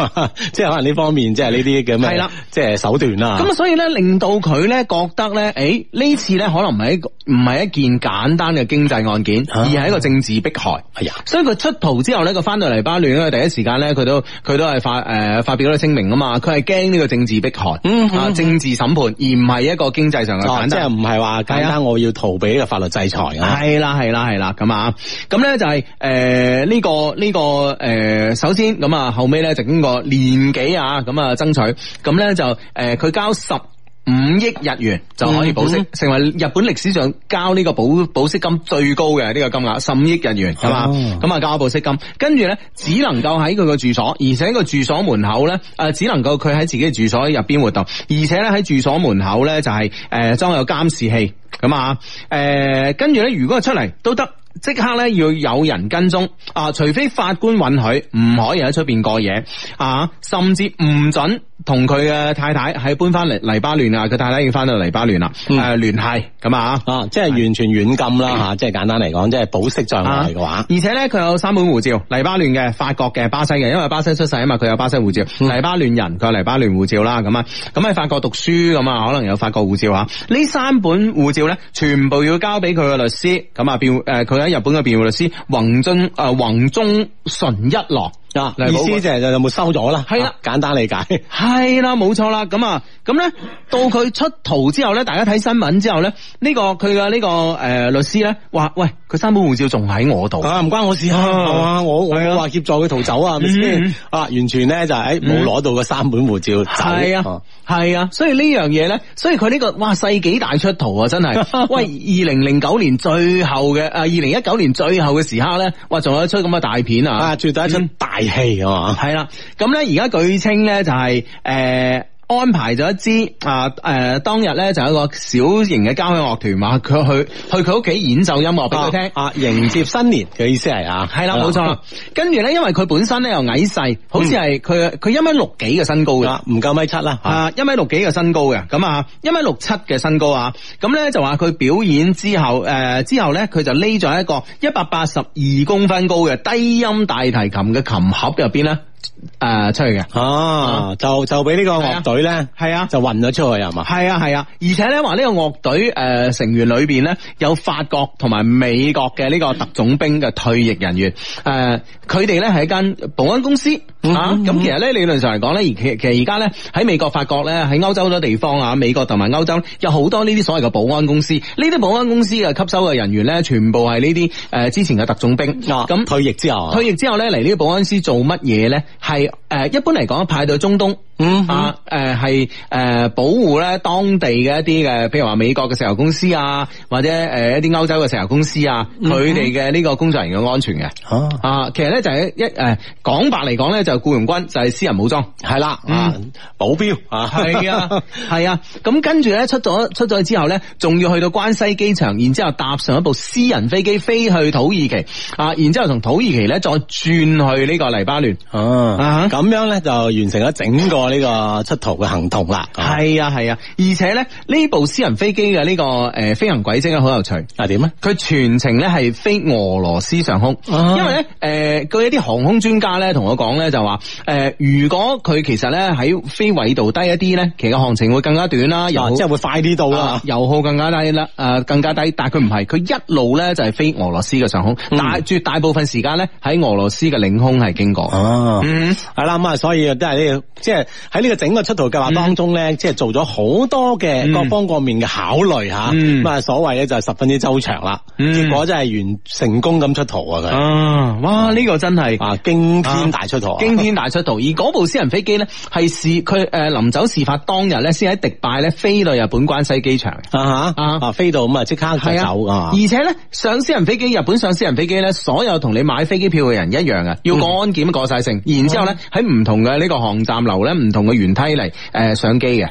A: 即係可能呢方面，即係呢啲咁嘅係啦，即係手段啦。咁啊，所以咧令到佢咧覺得咧，誒、哎、呢次咧可能唔係一唔係一件簡單嘅經濟案件，而係一個政治迫害。係啊，啊、哎呀，所以佢出逃之後咧，佢翻到黎巴嫩咧，第一時間咧，佢都佢都係發誒、呃、發表咗聲明啊嘛，佢係驚呢個政治迫害，嗯嗯、啊政治審判，而唔係一個經濟上嘅、哦，即係唔係話簡單我要逃避呢個法律制裁啊。係啦係啦係啦，咁啊，咁咧、嗯嗯、就係、是。誒、呃、呢、這個呢、這個誒、呃，首先咁啊，後尾咧就經過年幾啊，咁啊爭取，咁咧就誒，佢、呃、交十五億日元就可以保釋，嗯、成為日本歷史上交呢個保保釋金最高嘅呢、這個金額，十五億日元係嘛，咁、哦、啊交保釋金，跟住咧只能夠喺佢個住所，而且個住所門口咧誒、呃，只能夠佢喺自己住所入邊活動，而且咧喺住所門口咧就係、是、誒、呃、裝有監視器，咁啊誒，跟住咧如果佢出嚟都得。即刻咧要有人跟蹤啊，除非法官允許，唔可以喺出邊過夜啊，甚至唔準。同佢嘅太太喺搬翻嚟黎巴嫩啊，佢太太已經翻到黎巴嫩啦，誒、嗯、聯繫咁啊，啊即係完全軟禁啦吓，即、嗯、係簡單嚟講，即、就、係、是、保釋在外嘅話。而且咧，佢有三本護照，黎巴嫩嘅、法國嘅、巴西嘅，因為巴西出世啊嘛，佢有巴西護照、嗯，黎巴嫩人佢有黎巴嫩護照啦，咁啊，咁喺法國讀書咁啊，可能有法國護照吓。呢三本護照咧，全部要交俾佢嘅律師，咁啊，誒，佢喺日本嘅辯護律師宏中啊宏中純一郎。意思就係有冇收咗啦？係啦、啊，簡單理解係啦，冇錯啦。咁啊，咁咧到佢出逃之後咧， 大家睇新聞之後咧，呢、這個佢嘅呢個誒、呃、律師咧話喂，佢三本護照仲喺我度啊，唔關我事、哦、啊，係我我話協助佢逃走啊，咁、嗯、先啊，完全咧就係冇攞到個三本護照、嗯、走係啊係啊，所以呢樣嘢咧，所以佢呢、這個哇世紀大出逃啊，真係 喂二零零九年最後嘅啊二零一九年最後嘅時刻咧，哇仲有一出咁嘅大片啊，絕、啊、對一出、嗯、大。係啊，係啦，就是，咁咧而家據稱咧就係誒。安排咗一支啊誒、呃，當日咧就有一個小型嘅交響樂團話佢去去佢屋企演奏音樂俾佢聽啊，迎接新年嘅意思係啊，係啦冇錯。錯 跟住咧，因為佢本身咧又矮細，好似係佢佢一米六幾嘅身高嘅，唔夠米七啦。啊，一米六幾嘅身高嘅，咁啊一米六七嘅身高啊，咁咧就話佢表演之後誒、呃、之後咧，佢就匿咗喺一個一百八十二公分高嘅低音大提琴嘅琴盒入邊咧。誒、呃，出去嘅哦、啊，就就俾呢個樂隊咧，係啊，就運咗出去啊嘛，係啊係啊，啊，而且咧話呢個樂隊誒成員裏邊咧有法國同埋美國嘅呢個特種兵嘅退役人員，誒、呃，佢哋咧係一間保安公司、嗯、啊，咁、嗯、其實咧理論上嚟講咧，而其其實而家咧喺美國、法國咧喺歐洲好多地方啊，美國同埋歐洲有好多呢啲所謂嘅保安公司，呢啲保安公司嘅吸收嘅人員咧，全部係呢啲誒之前嘅特種兵，咁、啊、退役之後，退役之後咧嚟呢啲保安司做乜嘢咧？係誒，一般嚟講派到中東。嗯啊，誒係誒保護咧當地嘅一啲嘅，譬如話美國嘅石油公司啊，或者誒一啲歐洲嘅石油公司啊，佢哋嘅呢個工作人員嘅安全嘅。Uh -huh. 啊，其實咧就係、是、一誒講白嚟講咧就僱傭軍就係、是、私人武裝，係啦啊保鏢啊，係啊係啊，咁跟住咧出咗出咗之後咧，仲要去到關西機場，然之後搭上一部私人飛機飛去土耳其，啊，然之後從土耳其咧再轉去呢個黎巴嫩。啊、uh、咁 -huh. 樣咧就完成咗整個。 呢、這個出逃嘅行動啦，係啊係啊，而且咧呢部私人飛機嘅呢個誒、呃、飛行軌跡咧好有趣，但係點咧？佢全程咧係飛俄羅斯上空，啊、因為咧誒，據、呃、一啲航空專家咧同我講咧就話，誒、呃，如果佢其實咧喺飛緯度低一啲咧，其實航程會更加短啦、啊，即係會快啲到啦、啊，油耗更加低啦，誒、呃、更加低，但係佢唔係，佢、嗯、一路咧就係飛俄羅斯嘅上空，嗯、大住大部分時間咧喺俄羅斯嘅領空係經過、啊，嗯，係啦，咁啊，所以都係呢，即係。喺呢個整個出逃計劃當中咧，即、嗯、係做咗好多嘅各方各面嘅考慮吓，咁、嗯、啊所謂咧就係十分之周詳啦、嗯。結果真係完成功咁出逃啊！佢啊，哇呢、這個真係啊驚天大出逃。驚、啊、天大出逃、啊，而嗰部私人飛機咧，係事佢誒臨走事發當日咧，先喺迪拜咧飛到日本關西機場。啊哈啊，飛到咁啊即刻走啊！而且咧上私人飛機，日本上私人飛機咧，所有同你買飛機票嘅人一樣啊，要過安檢、嗯、過晒證，然之後咧喺唔同嘅呢個航站樓咧。唔同嘅原梯嚟，誒上機嘅，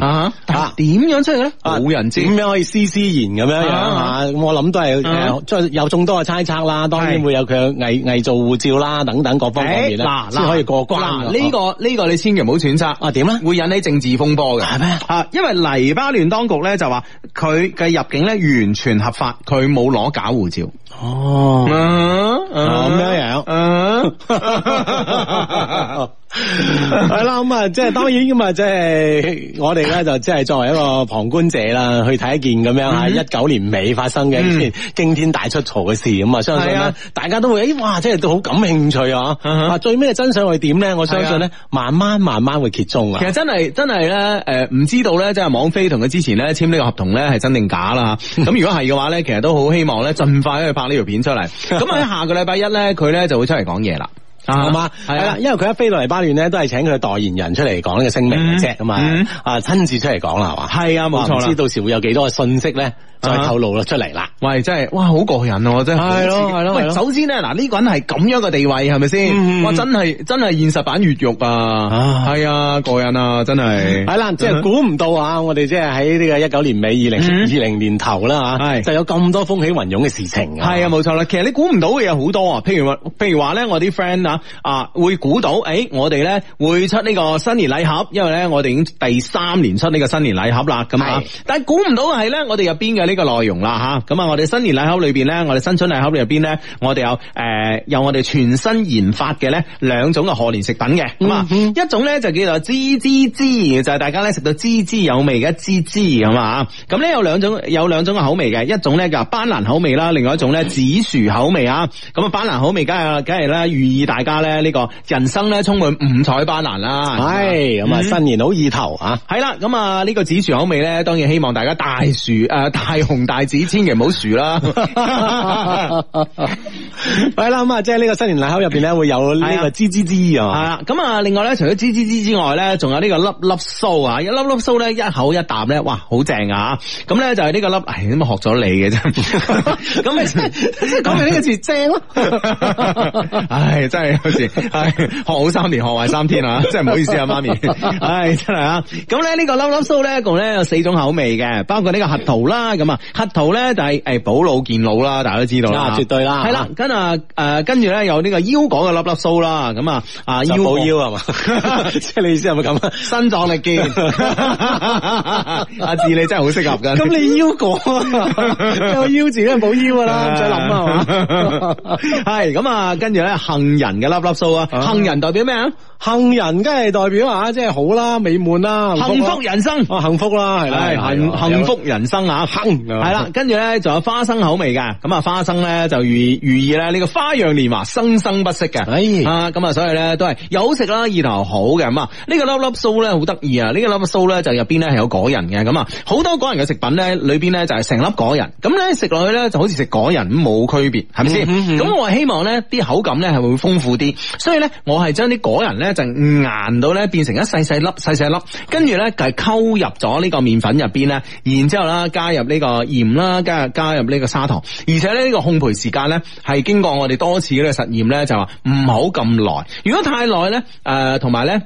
A: 吓吓點樣出嚟咧？冇、啊、人知點樣可以私私言咁樣樣？我諗都係有眾多嘅猜測啦、啊。當然會有佢偽造護照啦，等等各方方面咧，先、欸、可以過關。呢、啊啊這個呢、這個你千祈唔好揣測啊！點啊？會引起政治風波嘅係咩？因為黎巴嫩當局咧就話佢嘅入境咧完全合法，佢冇攞假護照哦。
B: 咁、啊、樣、啊啊啊、樣。啊啊啊啊
A: 係啦，咁啊，即係當然咁啊，即係我哋咧就即係作為一個旁觀者啦，去睇一件咁樣吓一九年尾發生嘅一件驚天大出槽嘅事咁，啊、嗯，相信咧，大家都會誒，哇，真係都好感興趣、嗯、啊！最尾嘅真相係點咧？我相信咧，慢慢、啊、慢慢會揭盅啊。其實真係真係咧，誒，唔知道咧，即係網飛同佢之前咧簽呢個合同咧係真定假啦咁，嗯、如果係嘅話咧，其實都好希望咧，盡快去拍呢條片出嚟。咁 喺下個禮拜一咧，佢咧就會出嚟講嘢啦。啊，係嘛，係啦，因為佢一飛落嚟巴嫩咧，都係請佢代言人出嚟講呢個聲明嘅啫，嘛、嗯嗯，啊，親自出嚟講啦，係嘛，係啊，冇錯啦，唔知道到時候會有幾多嘅信息咧？就透露啦出嚟啦，喂，真係，哇，好過癮喎、啊，真係。係咯，喂，首先咧，嗱、這、呢個人係咁樣嘅地位，係咪先？哇，真係真係現實版越獄啊！係啊，哎、呀過癮啊，真係。係 啦，即係估唔到啊！我哋即係喺呢個一九年尾，二零二零年頭啦、啊、吓，係就有咁多風起雲湧嘅事情。係啊，冇錯啦。其實你估唔到嘅有好多啊，譬如話譬如話咧、啊哎，我啲 friend 啊啊會估到，誒，我哋咧會出呢個新年禮盒，因為咧我哋已經第三年出呢個新年禮盒啦，咁啊，但係估唔到係咧，我哋入邊嘅呢。呢、這個內容啦吓，咁啊，我哋新年禮盒裏邊咧，我哋新春禮盒裏邊咧，我哋有誒、呃，有我哋全新研發嘅咧，兩種嘅賀年食品嘅，咁、嗯、啊，一種咧就叫做滋滋滋，就係、是、大家咧食到滋滋有味嘅滋滋咁啊，咁咧、嗯、有兩種，有兩種嘅口味嘅，一種咧就斑斕口味啦，另外一種咧紫薯口味啊，咁啊，斑斕口味梗係梗係咧寓意大家咧呢個人生咧充滿五彩斑斕啦，係、哎，咁啊、嗯、新年好意頭啊，係、嗯、啦，咁啊呢個紫薯口味咧，當然希望大家大薯誒、呃係紅大紫，千祈唔好輸啦！係啦，咁啊，即係呢個新年禮盒入邊咧，會有呢個滋滋滋啊！係啦，咁啊，另外咧，除咗滋滋滋之外咧，仲有呢個粒粒酥啊！一粒粒酥咧，一口一啖咧，哇，好正啊！咁、嗯、咧就係、是、呢個粒，哎，咁啊學咗你嘅真，咁
B: 咪講明呢個字 正
A: 咯！唉、哎，真係有時係學好三年，學壞三天啊！真係唔好意思啊，媽咪，唉、 哎，真係啊！咁咧呢個粒粒酥咧，一共咧有四種口味嘅，包括呢個核桃啦。咁啊，核桃咧就係誒補腦健腦啦，大家都知道啦，啊，絕對啦，係啦，跟啊誒跟住咧有呢個腰果嘅粒粒酥啦，咁啊啊腰保腰啊嘛，即 係 你意思係咪咁啊，身壯力健， 阿志你真係好適合噶，咁 你腰果啊，有腰字梗係保腰噶啦，唔使諗係嘛，係咁啊，跟住咧杏仁嘅粒粒酥啊， 杏仁代表咩啊？杏仁梗係代表啊，即係好啦，美滿啦，幸福人生幸福啦，係幸幸福人生、哦、幸福幸幸福人生啊，杏係啦，跟住咧仲有花生口味嘅，咁啊花生咧就寓意寓意咧呢個花樣年華生生不息嘅，啊咁啊所以咧都係有食啦，意頭好嘅，咁啊呢個粒粒酥咧好得意啊，呢、呢個粒粒酥咧就入邊咧係有果仁嘅，咁啊好多果仁嘅食品咧裏邊咧就係成粒果仁，咁咧食落去咧就好似食果仁咁冇區別，係咪先？咁、嗯、我係希望咧啲口感咧係會豐富啲，所以咧我係將啲果仁咧。就硬到咧，變成一細細粒，細細粒，跟住咧就係溝入咗呢個麵粉入邊咧，然之後啦，加入呢個鹽啦，加入加入呢個砂糖，而且咧呢個烘焙時間咧係經過我哋多次嘅實驗咧，就話唔好咁耐，如果太耐咧，誒、呃，同埋咧。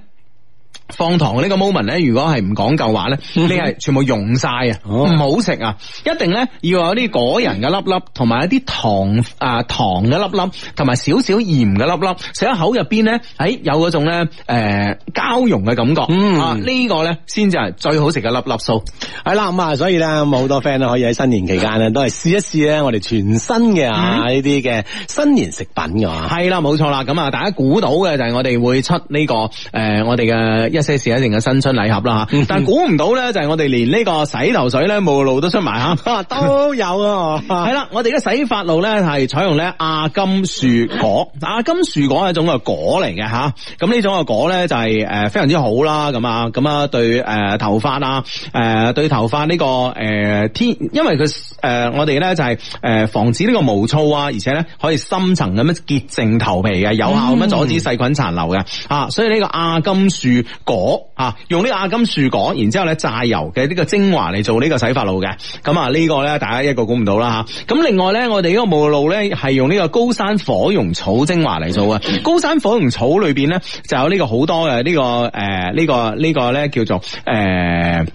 A: 放糖嘅呢個 moment 咧，如果係唔講究話咧，你係全部溶晒啊，唔好食啊！一定咧要有啲果仁嘅粒粒，同埋一啲糖啊糖嘅粒粒，同埋少少鹽嘅粒粒，食喺口入邊咧，誒有嗰種咧誒交融嘅感覺啊！呢個咧先至係最好食嘅粒粒數。係啦，咁啊，所以咧咁好多 friend 都可以喺新年期間咧，都係試一試咧，我哋全新嘅啊呢啲嘅新年食品噶。係啦，冇錯啦，咁啊，大家估到嘅就係我哋會出呢個誒我哋嘅一。一一定嘅新春禮盒啦吓。 但係估唔到咧，就係我哋連呢個洗頭水咧、沐浴露都出埋吓， 都有係的啦。 我哋嘅洗髮露咧係採用咧阿金樹果，阿金樹果係一種嘅果嚟嘅吓。咁呢種嘅果咧就係誒非常之好啦，咁啊咁啊對誒頭髮啊，誒對頭髮呢個誒天，因為佢誒我哋咧就係誒防止呢個毛躁啊，而且咧可以深層咁樣潔淨頭皮嘅，有效咁樣阻止細菌殘留嘅。所以呢個阿金樹果啊，用啲阿金樹果，然之後咧榨油嘅呢個精華嚟做呢個洗髮露嘅。咁啊，呢個咧大家一個估唔到啦吓。咁另外咧，我哋呢個沐浴露咧係用呢個高山火絨草精華嚟做啊。高山火絨草裏邊咧就有呢個好多嘅呢、這個誒呢、呃這個呢、這個咧、這個、叫做誒、呃、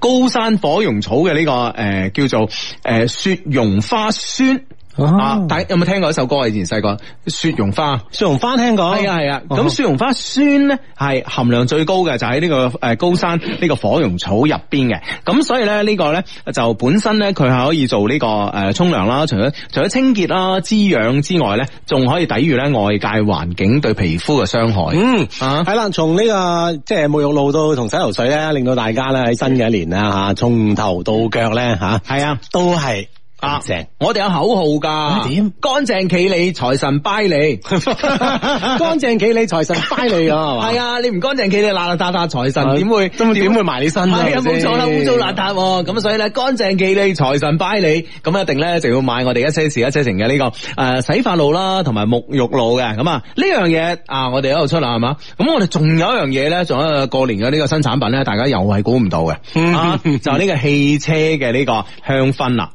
A: 高山火絨草嘅呢、這個誒、呃、叫做誒雪絨花酸。啊，啊！大家有冇聽過一首歌？以前細個，雪絨花，雪絨花聽過，係啊係啊。咁雪絨花酸咧係含量最高嘅，就喺呢個誒高山呢個火絨草入邊嘅。咁所以咧呢個咧就本身咧佢係可以做呢個誒沖涼啦，除咗除咗清潔啦、滋養之外咧，仲可以抵御咧外界環境對皮膚嘅傷害。嗯，係啦，從呢個即係沐浴露到同洗頭水咧，令到大家咧喺新嘅一年啦吓，從頭到腳咧吓，係啊，都係。啊、我哋有口號噶，點、啊？乾淨企理財神拜你。乾淨企理財神拜你，係 係 啊，你唔乾淨企理邋邋遢遢，財神點會？咁點會、啊、會埋你身？係啊，冇錯啦，污糟邋遢。咁所以咧，乾淨企理財神拜你。咁一定咧，就要買我哋一些事一些情嘅呢個誒、啊、洗髮露啦，同埋沐浴露嘅。咁啊，呢樣嘢啊，我哋喺度出啦，係嘛？咁我哋仲有一樣嘢咧，仲有一個過年嘅呢個新產品咧，大家又係估唔到嘅、嗯啊。就係、是、呢個汽車嘅呢、這個香薰啦，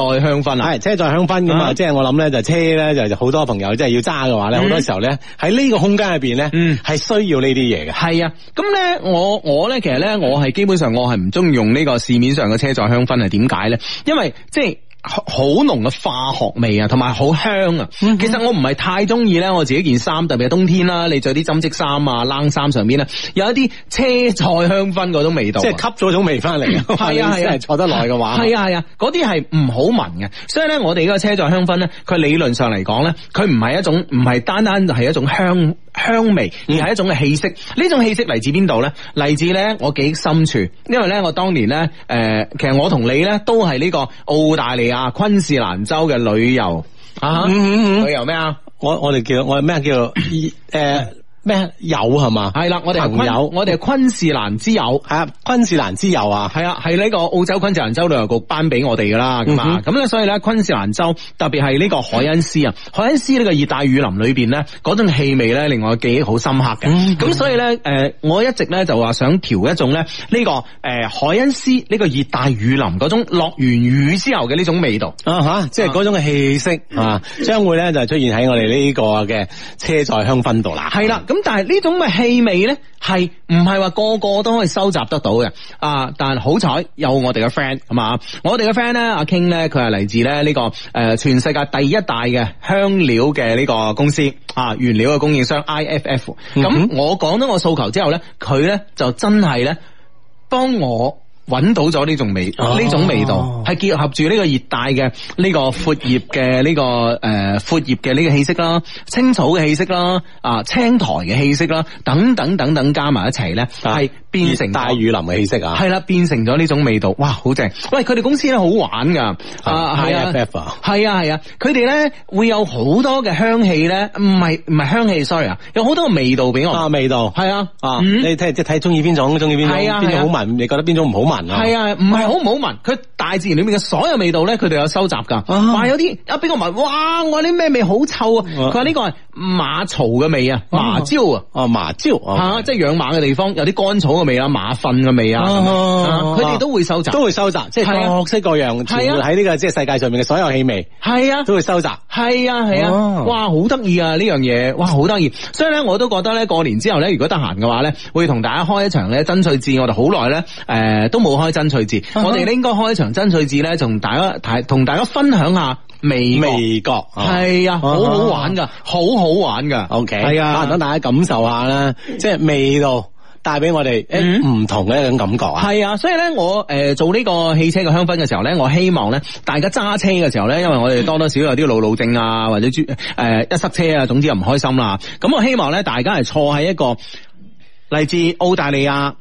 A: 車載香薰啊，係車載香薰，咁啊，即係我諗咧，就車咧就就好多朋友即係要揸嘅話咧，好、嗯、多時候咧喺呢個空間入邊咧，係、嗯、需要呢啲嘢嘅。係啊，咁咧我我咧其實咧我係、嗯、基本上我係唔中意用呢個市面上嘅車載香薰。係點解咧？因為即係。好濃嘅化學味啊，同埋好香啊！其實我唔係太中意咧，我自己件衫，特別係冬天啦，你着啲針織衫啊、冷衫上邊咧，有一啲車載香薰嗰種味道，即係吸咗種味翻嚟。係啊係啊，坐得耐嘅話，係啊係啊，嗰啲係唔好聞嘅。所以咧，我哋呢個車載香薰咧，佢理論上嚟講咧，佢唔係一種，唔係單單係一種香。香味而係一種嘅氣息，嗯、種息呢種氣息嚟自邊度咧？嚟自咧我記憶深處，因為咧我當年咧，誒、呃，其實我同你咧都係呢個澳大利亞昆士蘭州嘅旅遊啊，嗯嗯嗯，旅遊咩啊？我我哋叫我哋咩叫做誒。 咩有係嘛？係啦，我哋朋友，我哋係昆士蘭之友，係啊，昆士蘭之友啊，係啊，係呢個澳洲昆士蘭州旅遊局頒俾我哋噶啦，咁啊，咁咧，所以咧，昆士蘭州特別係呢個海恩斯啊、嗯，海恩斯呢個熱帶雨林裏邊咧，嗰種氣味咧，令我記憶好深刻嘅。咁、嗯、所以咧，誒，我一直咧就話想調一種咧呢、這個誒海恩斯呢、這個熱帶雨林嗰種落完雨之後嘅呢種味道啊吓，即係嗰種嘅氣息啊，將、啊、會咧就係出現喺我哋呢個嘅車載香氛度啦。係、嗯、啦。咁但係呢種嘅氣味呢，係唔係話個個都可以收集得到嘅啊？但係好彩有我哋嘅 friend 係嘛，我哋嘅 friend 呢，阿 King 呢，佢係嚟自呢、呢個誒、呃、全世界第一大嘅香料嘅呢個公司啊原料嘅供應商 IFF、嗯。咁我講咗我訴求之後呢，佢呢就真係呢，當我。揾到咗呢種味，呢種味道係、oh. 結合住呢個熱帶嘅呢個闊葉嘅呢個誒闊葉嘅呢個氣息啦、啊，青草嘅氣息啦，啊青苔嘅氣息啦，等等等等加埋一齊咧，係、oh.。變成大雨林嘅氣息啊！係啦，變成咗呢種味道，哇，好正！喂，佢哋公司咧好玩噶，係啊，係、uh, 啊，係啊，係啊，佢哋咧會有好多嘅香氣咧，唔係唔係香氣，sorry 啊，有好多嘅味道俾我啊，味道係啊，啊，嗯、你睇即睇中意邊種，中意邊種係啊，邊種好聞，你覺得邊種唔好聞啊？係啊，唔係好唔好聞？佢大自然裏面嘅所有味道咧，佢哋有收集噶，話有啲啊，邊個聞哇，我啲咩味好臭啊？佢話呢個係馬槽嘅味道啊，麻椒啊，啊麻椒啊，即係養馬嘅地方有啲乾草。味啊，馬糞嘅味啊，佢、哦、哋都會收集，都會收集，啊、即係各式各樣，喺呢、啊、個即係世界上面嘅所有氣味，係啊，都會收集，係啊，係啊、哦，哇，好得意啊呢樣嘢，哇，好得意，所以咧，我都覺得咧，過年之後咧，如果得閒嘅話咧，會同大家開一場咧真趣字，我哋好耐咧，誒，都冇開真趣字，我哋應該開一場真趣字咧，同大家同同大家分享下味味覺，係、哦、啊，好好玩噶、哦哦，好好玩噶，OK，係啊，等大家感受下啦，即係味道。帶俾我哋誒唔同嘅一種感覺啊、嗯！係啊，所以咧我誒、呃、做呢個汽車嘅香氛嘅時候咧，我希望咧大家揸車嘅時候咧，因為我哋多多少少有啲路怒症啊，或者誒、呃、一塞車啊，總之又唔開心啦。咁我希望咧大家係坐喺一個嚟自澳大利亞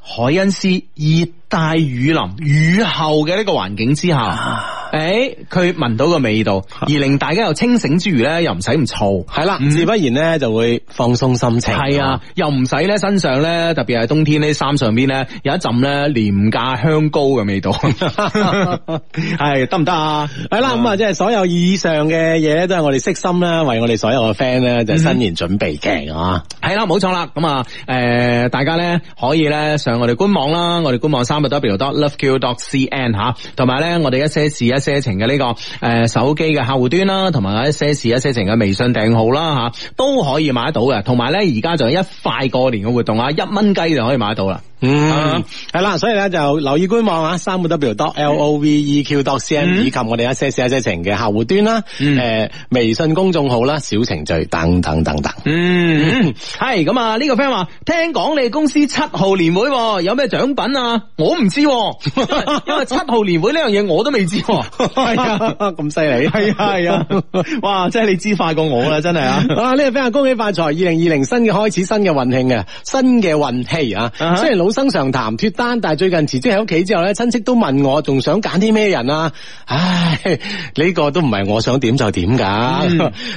A: 海恩斯熱帶雨林雨後嘅呢個環境之下。啊誒、欸，佢聞到個味道，而令大家又清醒之餘咧，又唔使唔燥，係啦，自不然咧就會放鬆心情。係、嗯、啊，又唔使咧身上咧，特別係冬天呢，衫上邊咧有一陣咧廉價香膏嘅味道，係得唔得啊？係、嗯、啦，咁啊，即係所有以上嘅嘢咧，都係我哋悉心啦，為我哋所有嘅 friend 咧，就係、新年準備嘅啊。係、嗯、啦，冇錯啦，咁啊，誒、呃，大家咧可以咧上我哋官網啦，我哋官網三個 w dot loveq dot cn 吓，同埋咧我哋一些事一些情嘅呢個誒手機嘅客戶端啦，同埋一些事一些情嘅微信訂號啦吓，都可以買得到嘅。同埋咧，而家仲有一塊過年嘅活動啊，一蚊雞就可以買得到啦。嗯，係、嗯、啦，所以咧就留意官網啊，三個 w dot l o v e q dot c m 以 -E, 及我哋一些事一些情嘅客戶端啦，誒、嗯呃，微信公眾號啦，小程序等等等等。嗯，係咁啊，呢個 friend 話聽講你公司七號年會有咩獎品啊？我唔知、啊 因，因為七號年會呢樣嘢我都未知。係啊，咁犀利。係 啊係啊,啊，哇，即係你知快過我啦，真係啊！啊，呢、這個 friend 恭喜發財，二零二零新嘅開始，新嘅運慶嘅，新嘅運氣啊！Uh -huh. 雖然老。生常談脫單，但係最近辭職喺屋企之後咧，親戚都問我仲想揀啲咩人啊？唉，呢、這個都唔係我想點就點噶。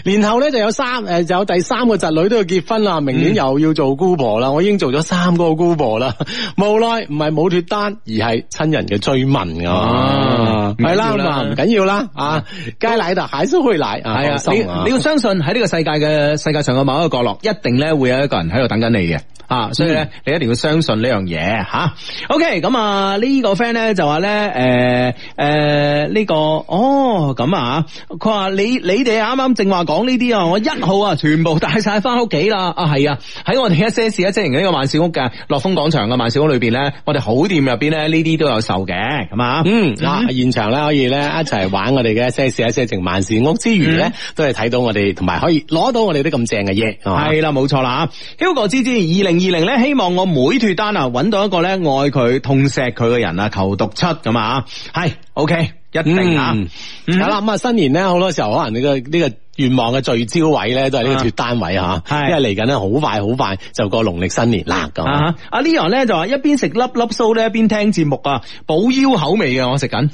A: 年、嗯、後咧就有三誒，就有第三個侄女都要結婚啦，明年又要做姑婆啦。我已經做咗三個姑婆啦。無奈唔係冇脫單，而係親人嘅追問啊。係、嗯嗯、啦，咁啊唔緊要啦啊，街奶度，蟹蘇會奶啊。係啊，你你要相信喺呢個世界嘅世界上嘅某一個角落，一定咧會有一個人喺度等緊你嘅。啊，所以咧，你一定要相信呢樣嘢吓。OK，咁、呃呃這個哦、啊，呢個 friend 咧就話咧，誒誒，呢個哦咁啊，佢話你你哋啱啱正話講呢啲啊，我一號啊，全部帶晒翻屋企啦。啊係啊，喺我哋一些事一些情嘅一個萬事屋嘅樂豐廣場嘅萬事屋裏邊咧，我哋好店入邊咧，呢啲都有售嘅。咁啊，嗯，嗱、啊嗯、現場咧可以咧一齊玩我哋嘅一些事一些情萬事屋之餘咧，都係睇到我哋同埋可以攞到我哋啲咁正嘅嘢。係、啊啊、啦，冇錯啦，啊，Hugo 之之二零。二零咧，希望我每脫單啊，揾到一個咧愛佢、痛錫佢嘅人啊，求讀出咁啊，係。O、okay, K，一定吓，好、嗯、啦，咁、嗯、啊新年咧，好多時候可能呢、這個呢、這個願望嘅聚焦位咧，都係呢個脫單位吓、啊，因為嚟緊咧好快好快就過農曆新年啦咁。阿、啊啊、Leon 咧就話一邊食粒粒酥咧，一邊聽節目啊，補腰口味嘅，我食緊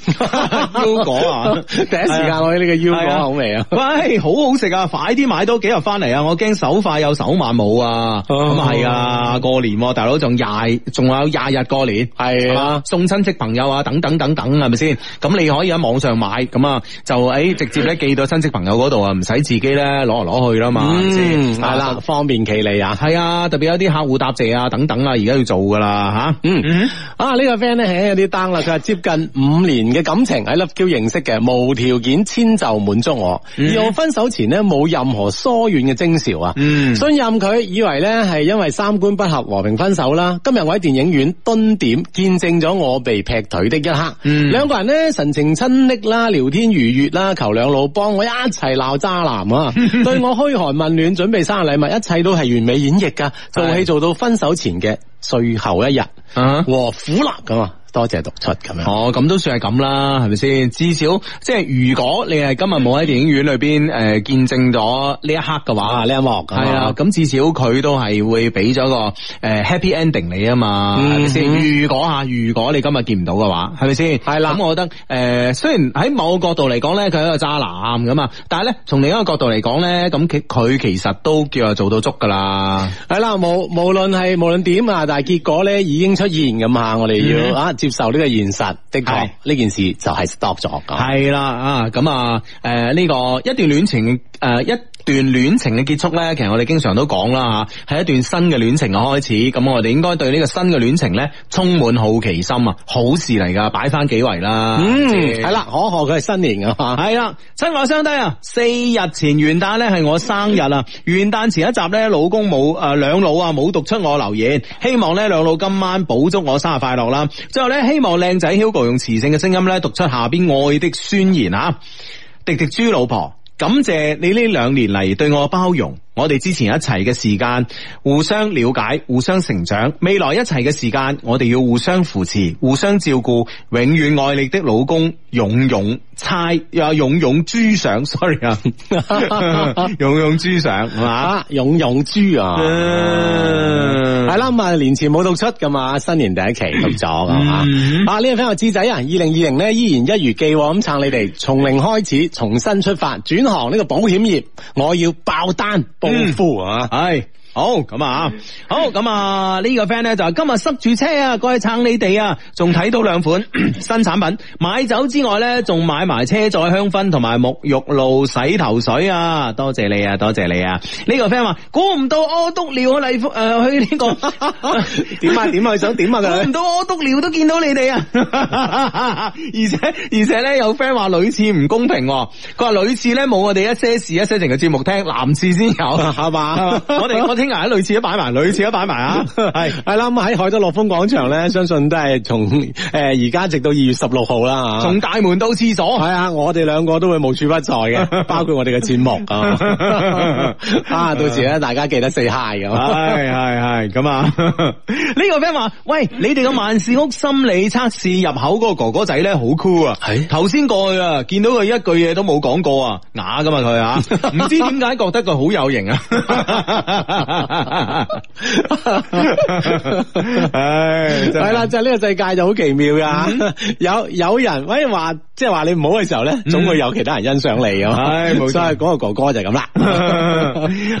A: 腰果啊， 第一時間攞起呢個腰果口味啊，啊，喂，好好食啊，快啲買多幾日翻嚟啊，我驚手快有手慢冇啊，咁、哦、係啊，過年、啊、大佬仲廿，仲有廿日過年，係啊，送親戚朋友啊，等等等等，係咪先？咁你可以喺網上買，咁啊就誒直接咧寄到親戚朋友嗰度、嗯、啊，唔使自己咧攞嚟攞去啦嘛，係啦，方便其利啊，係啊，特別有啲客戶答謝啊，等等啊，而家要做噶啦吓，嗯，啊、這個、呢個 friend 咧，誒有啲單啦，佢話接近五年嘅感情喺 LoveQ 認識嘅，無條件遷就滿足我，而、嗯、我分手前咧冇任何疏遠嘅徵兆啊，信、嗯、任佢，以為咧係因為三觀不合和平分手啦，今日我喺電影院蹲點見證咗我被劈腿的一刻，兩、嗯、個人咧。神情親昵啦，聊天愉悦啦，求兩老幫我一齊鬧渣男啊！ 對我噓寒問暖，準備生日禮物，一切都係完美演繹噶， 做戲做到分手前嘅最後一日、uh-huh. 啊，和苦辣噶嘛。多謝讀出咁樣。哦，咁都算係咁啦，係咪先？至少即係如果你係今日冇喺電影院裏邊誒、呃、見證咗呢一刻嘅話，呢、啊、一幕係啊，咁、嗯、至少佢都係會俾咗個誒、呃、happy ending 你啊嘛，係咪先？如果啊，如果你今日見唔到嘅話，係咪先？係啦。咁、嗯、我覺得誒、呃，雖然喺某個角度嚟講咧，佢係一個渣男咁啊，但係咧從另一個角度嚟講咧，咁佢佢其實都叫做做到足噶啦。係啦，無無論係無論點啊，但係結果咧已經出現咁吓，我哋要、嗯、啊。接受呢個現實的，的確呢件事就係 stop 咗。係啦啊，咁啊，誒，呢、呃這個一段戀情誒、呃、一。段戀情嘅結束呢，其實我哋經常都講啦吓，係一段新嘅戀情嘅開始。咁我哋應該對呢個新嘅戀情呢，充滿好奇心啊，好事嚟噶，擺翻幾圍啦。嗯，係啦，可賀佢係新年啊嘛。係啦，親愛嘅兄弟啊，四日前元旦呢，係我生日啊， 元旦前一集呢，老公冇誒兩老啊冇讀出我留言，希望呢兩老今晚補祝我生日快樂啦。最後呢，希望靚仔 Hugo 用磁性嘅聲音呢，讀出下邊愛的宣言啊，迪迪豬老婆。感謝你呢兩年嚟對我嘅包容。我哋之前一齊嘅時間，互相了解，互相成長。未來一齊嘅時間，我哋要互相扶持，互相照顧。永遠愛你的老公勇勇猜，又有勇勇豬上，sorry 啊，勇 勇豬上係嘛，勇、 啊、勇豬啊，係 啦、嗯，啊年前冇到出噶嘛，新年第一期讀咗係啊，呢個朋友志仔啊，二零二零咧依然一如既往咁撐你哋，從零開始，重新出發，轉行呢個保險業，我要爆單。功夫啊，哎。好咁啊，好咁啊！呢個 friend 咧，就今日塞住車啊，過去撐你哋啊，仲睇到兩款新產品，買酒之外咧，仲買埋車載香薰同埋沐浴露、洗頭水啊！多謝你啊，多謝你啊！呢個 friend 話，估唔到屙督尿我嚟，誒去呢個點啊點啊想點啊！估唔到屙篤尿都見到你哋啊！而且而且咧，有 friend 話女廁唔公平，佢話女廁咧冇我哋一些事一些情嘅節目聽，男廁先有啊，係嘛？我哋我哋。類似都擺埋，類似都擺埋啊！係係啦，咁喺海德樂豐廣場咧，相信都係從誒而家直到二月十六號啦。從大門到廁所，係啊，我哋兩個都會無處不在嘅， 包括我哋嘅節目啊。啊， 到時咧，大家記得 say hi 咁。係係係咁啊！呢個咩話， 喂，你哋嘅萬事屋心理測試入口嗰個哥哥仔咧，好 cool 啊！係頭先過去啊，見到佢一句嘢都冇講過啊，啞噶嘛佢啊，唔 知點解覺得佢好有型啊！ 係 啦，就呢、係、個世界就好奇妙噶，有有人，喂，話即係話你唔好嘅時候咧、嗯，總會有其他人欣賞你。哦，唉，冇錯，嗰個哥哥就咁啦。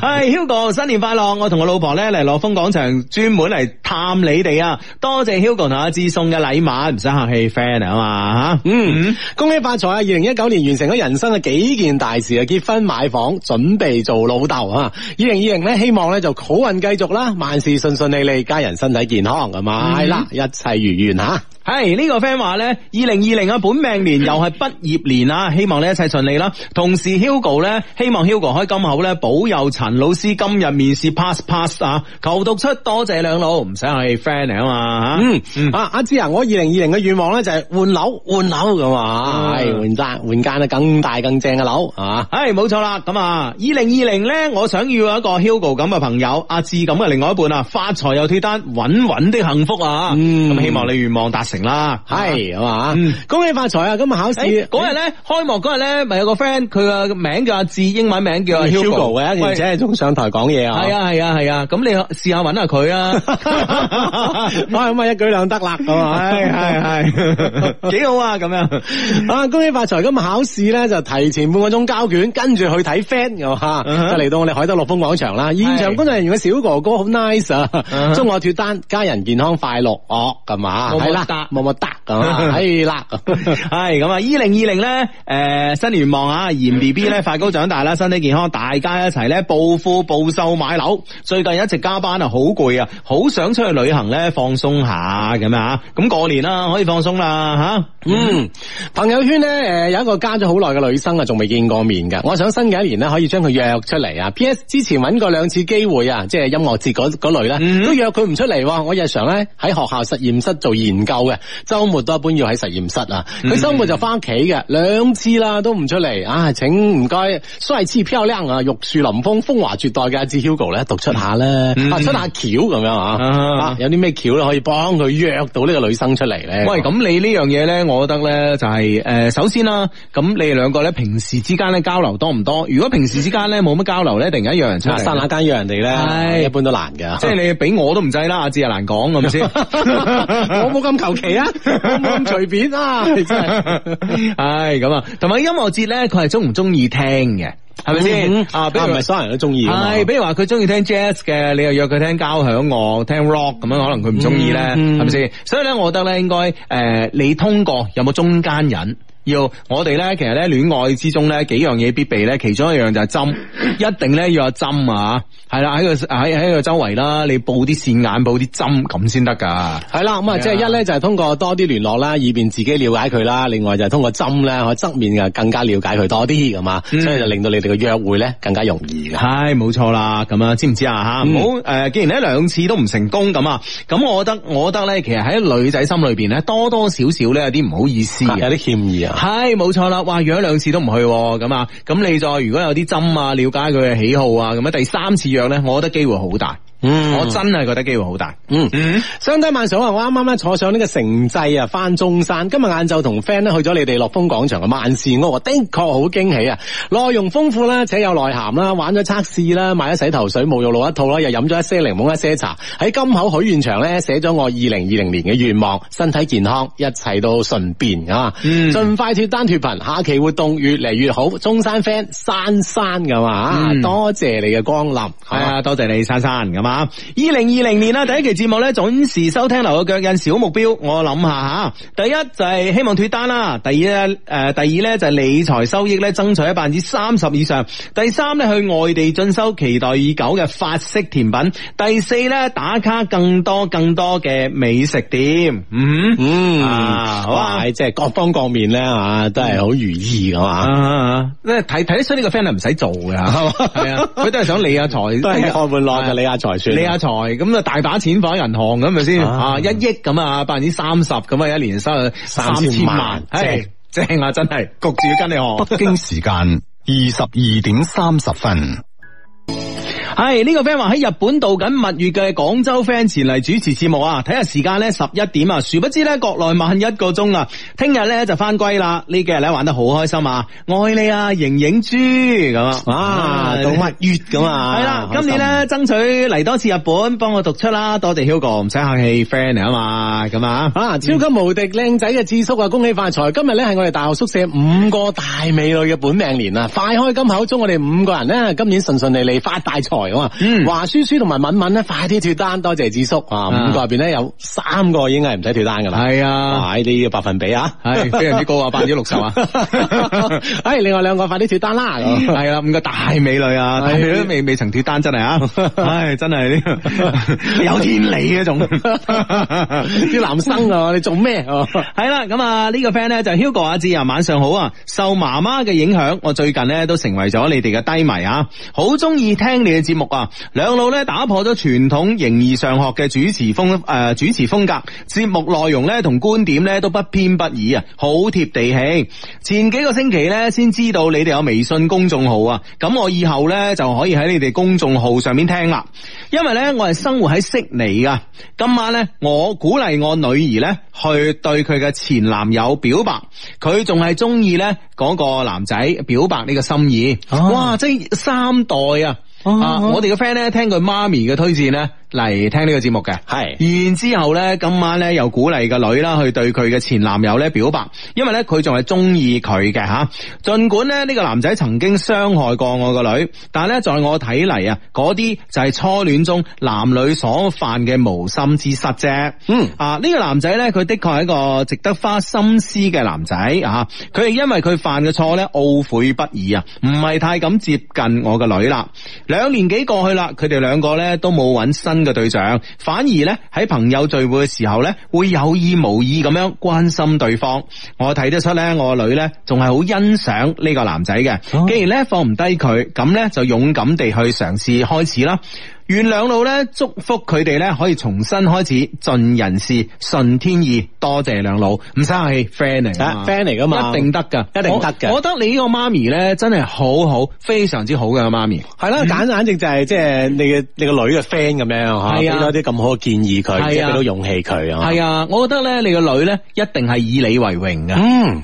A: 唉，Hugo 新年快樂，我同我老婆咧嚟樂豐廣場專門嚟探你哋啊！多謝 Hugo 同阿志送嘅禮物，唔使客氣，friend 啊嘛吓，嗯，恭、嗯、喜發財啊！二零一九年完成咗人生嘅幾件大事啊，結婚、買房、準備做老豆啊！二零二零咧，希望咧就好運繼續啦，萬事順順利利，家人身體健康，係咪係啦？一切如願吓。係、hey, 呢個 friend 話咧，二零二零本命年又係畢業年啊， 希望你一切順利啦。同時 Hugo 咧，希望 Hugo 開金口咧，保佑陳老師今日面試 pass pass 啊！求讀出，多謝兩老，唔使客氣，friend 嚟啊嘛嗯，阿阿志啊，我二零二零嘅願望咧就係換樓，換樓咁啊！係換間，換間啊，更大，更，大更正嘅樓啊！係冇錯啦，咁啊，二零二零咧，我想要一個 Hugo 咁嘅朋友，阿志咁嘅另外一半啊，發財又脫單，穩穩的幸福啊！咁、嗯、希望你願望達成。啦，係，係、嗯、嘛，恭喜發財啊！今日考試嗰日咧，開幕嗰日咧，咪有個 friend，佢個名叫阿志，英文名叫 Hugo 嘅，而且仲上台講嘢啊！係啊，係啊，係啊！咁你試下搵下佢啊，咁 啊、 哎、一舉兩得啦，係、哎，係，係，幾好啊！咁樣啊，恭喜發財！今日考試咧就提前半個鐘交卷，跟住去睇 friend 係吓，就嚟到我哋海德樂峰廣場啦。Uh -huh. 現場工作人員嘅小哥哥好 nice 啊，祝我脫單，家人健康快樂、uh -huh.，我係嘛，係啦。冇冇得咁係啦，係咁啊！二零二零咧，誒、呃，新年願望啊，願 B B 咧快高長大啦，身體健康，大家一齊咧暴富暴瘦買樓。最近一直加班啊，好攰啊，好想出去旅行咧，放鬆下咁啊！咁過年啦，可以放鬆啦，吓、啊、嗯。朋友圈咧，誒，有一個加咗好耐嘅女生啊，仲未見過面㗎。我想新嘅一年咧，可以將佢約出嚟啊。P S 之前搵過兩次機會啊，即、就、係、是、音樂節嗰嗰類咧，都約佢唔出嚟。我日常咧喺學校實驗室做研究嘅。周末都一般要喺實驗室啊，佢周末就翻屋企嘅，兩、嗯、次啦都唔出嚟啊，請唔該，帥氣漂亮樹林、嗯嗯、啊，玉樹臨風風華絕代嘅阿志 Hugo 咧，讀出下咧，出下橋咁樣啊。有啲咩橋咧可以幫佢約到呢個女生出嚟咧、嗯？喂，咁你呢樣嘢咧，我覺得咧就係、是、誒，首先啦，咁你哋兩個咧平時之間咧交流多唔多？如果平時之間咧冇乜交流咧，突然間約人出，剎那間約人哋咧，一般都難嘅，即係你俾我都唔制啦，阿志又難講係咪先？ 我
B: 冇咁求其。係啊，咁隨
A: 便啊，真係，係咁啊。同埋音樂節咧，佢係中唔中意聽嘅，係咪先？啊，比如唔係所有人都中意，係，比如話佢中意聽 jazz 嘅，你又約佢聽交響樂、聽 rock，咁樣可能佢唔中意咧，係咪先？所以咧，我覺得咧，應該誒，你通過有冇中間人？要我哋咧，其實咧戀愛之中咧幾樣嘢必備咧，其中一樣就係針， 一定咧要有針啊，係啦，喺個喺喺個周圍啦，你布啲線眼，布啲針咁先得噶。係啦，咁啊，即係一咧就係通過多啲聯絡啦，以便自己了解佢啦，另外就係通過針咧，可以側面嘅更加了解佢多啲，咁、嗯、嘛，所以就令到你哋嘅約會咧更加容易嘅。係、嗯，冇錯啦，咁啊，知唔知啊吓？唔好誒，既然呢兩次都唔成功咁啊，咁我覺得我覺得咧，其實喺女仔心裏邊咧，多多少少咧有啲唔好意思，有啲歉意啊。係冇錯啦，哇約一兩次都唔去咁啊，咁你再如果有啲針啊，了解佢嘅喜好啊，咁啊第三次約咧，我覺得機會好大。嗯，我真係覺得機會好大。嗯嗯，相睇萬想啊！我啱啱咧坐上呢個城際啊，返中山。今日晏晝同 friend 咧去咗你哋樂豐廣場嘅萬事屋，的確好驚喜啊！內容豐富啦，且有內涵啦，玩咗測試啦，買咗洗頭水、沐浴露一套啦，又飲咗一些檸檬一些茶。喺金口許願牆咧寫咗我二零二零年嘅願望：身體健康，一切都順便啊！盡、嗯、快脫單脫貧，下期活動越嚟越好。中山 friend 珊珊咁啊，多謝你嘅光臨。係啊，多謝你珊珊咁。啊！二零二零年啦，第一期節目咧，準時收聽，留個腳印。小目標，我諗下吓，第一就係希望脫單啦。第二咧，誒，第二咧就係理財收益咧，爭取喺百分之三十以上。第三咧，去外地進修，期待已久嘅法式甜品。第四咧，打卡更多更多嘅美食店。嗯嗯，好啊，即係各方各面咧、嗯、啊，都係好如意噶嘛。即係睇睇得出呢個 friend 係唔使做嘅係、嗯、啊，佢都係想理下財，開門來嘅理下財。你阿財咁啊，大把錢放喺銀行咁咪先啊，一億咁啊，百分之三十咁啊，一年收入三千萬，係、哎、正，正啊，真係焗住要跟你學。北京時間二十二點三十分。 係、哎、呢、這個 friend 喺日本度緊蜜月嘅廣州 friend 前嚟主持節目啊！睇下時間呢，十一點啊，殊不知呢，國內晚一個鐘啊，聽日呢，就翻歸啦。呢幾日呢，玩得好開心啊，愛你啊，瑩瑩豬咁啊，度蜜月咁啊。係啦，今年呢，爭取嚟多次日本，幫我讀出啦，多謝曉哥，唔使客氣，friend 啊嘛，咁啊，超級無敵靚仔嘅智叔啊，恭喜發財！今日呢，係我哋大學宿舍五個大美女嘅本命年啊，快開金口，祝我哋五個人呢，今年順順利利。發大財咁啊！華書書同埋敏敏咧，快啲脫單，多謝智叔啊！五個入邊咧有三個已經係唔使脫單噶啦，係啊，呢、哎、啲、這個、百分比啊，係、哎、非常之高啊，百分之六十啊！ 哎，另外兩個快啲脫單啦，係 啦、啊，五個大美女是啊，女都未、哎、未曾脫單真係啊，唉、哎，真係呢， 有天理啊。仲啲 男生啊，你做咩啊？係啦，咁啊呢個 friend 咧就 Hugo 阿志啊，晚上好啊！受媽媽嘅影響，我最近咧都成為咗你哋嘅低迷啊，好中意。聽你嘅節目啊，兩老咧打破咗傳統形而上學嘅主持風誒、呃、主持風格，節目內容咧同觀點咧都不偏不倚啊，好貼地氣。前幾個星期咧先知道你哋有微信公眾號啊，咁我以後咧就可以喺你哋公眾號上面聽啦。因為咧我係生活喺悉尼啊，今晚咧我鼓勵我女兒咧去對佢嘅前男友表白，佢仲係中意咧嗰個男仔表白呢個心意。啊、哇，即係三代啊！啊，啊！我哋嘅 friend 咧，聽佢媽咪嘅推薦咧。嚟聽呢個節目嘅係，然之後呢今晚呢，又鼓勵個女啦，去對佢嘅前男友呢表白，因為呢，佢仲係中意佢嘅吓。盡管呢，呢個男仔曾經傷害過我個女，但係呢，在我睇嚟啊，嗰啲就係初戀中男女所犯嘅無心之失啫。嗯啊，呢個男仔呢，佢的確係一個值得花心思嘅男仔啊。佢係因為佢犯嘅錯呢，懊悔不已啊，唔係太敢接近我個女啦。兩年幾過去啦，佢哋兩個呢，都冇揾新。嘅對象，反而咧喺朋友聚會嘅時候咧，會有意無意咁樣關心對方。我睇得出咧，我個女咧仲係好欣賞呢個男仔嘅。既然咧放唔低佢，咁咧就勇敢地去嘗試開始啦。願兩老咧祝福佢哋咧可以重新開始，盡人事，順天意。多謝兩老，唔使客氣，friend 嚟，friend 嚟㗎嘛，一定得噶，一定得㗎。我覺得你呢個媽咪咧真係好好，非常之好嘅媽咪。係啦，簡、嗯、簡直就係即係你嘅你個女嘅 friend 咁樣嗬，俾多啲咁好嘅建議佢，即係俾到勇氣佢。係啊，我覺得咧你個女咧一定係以你為榮嘅。嗯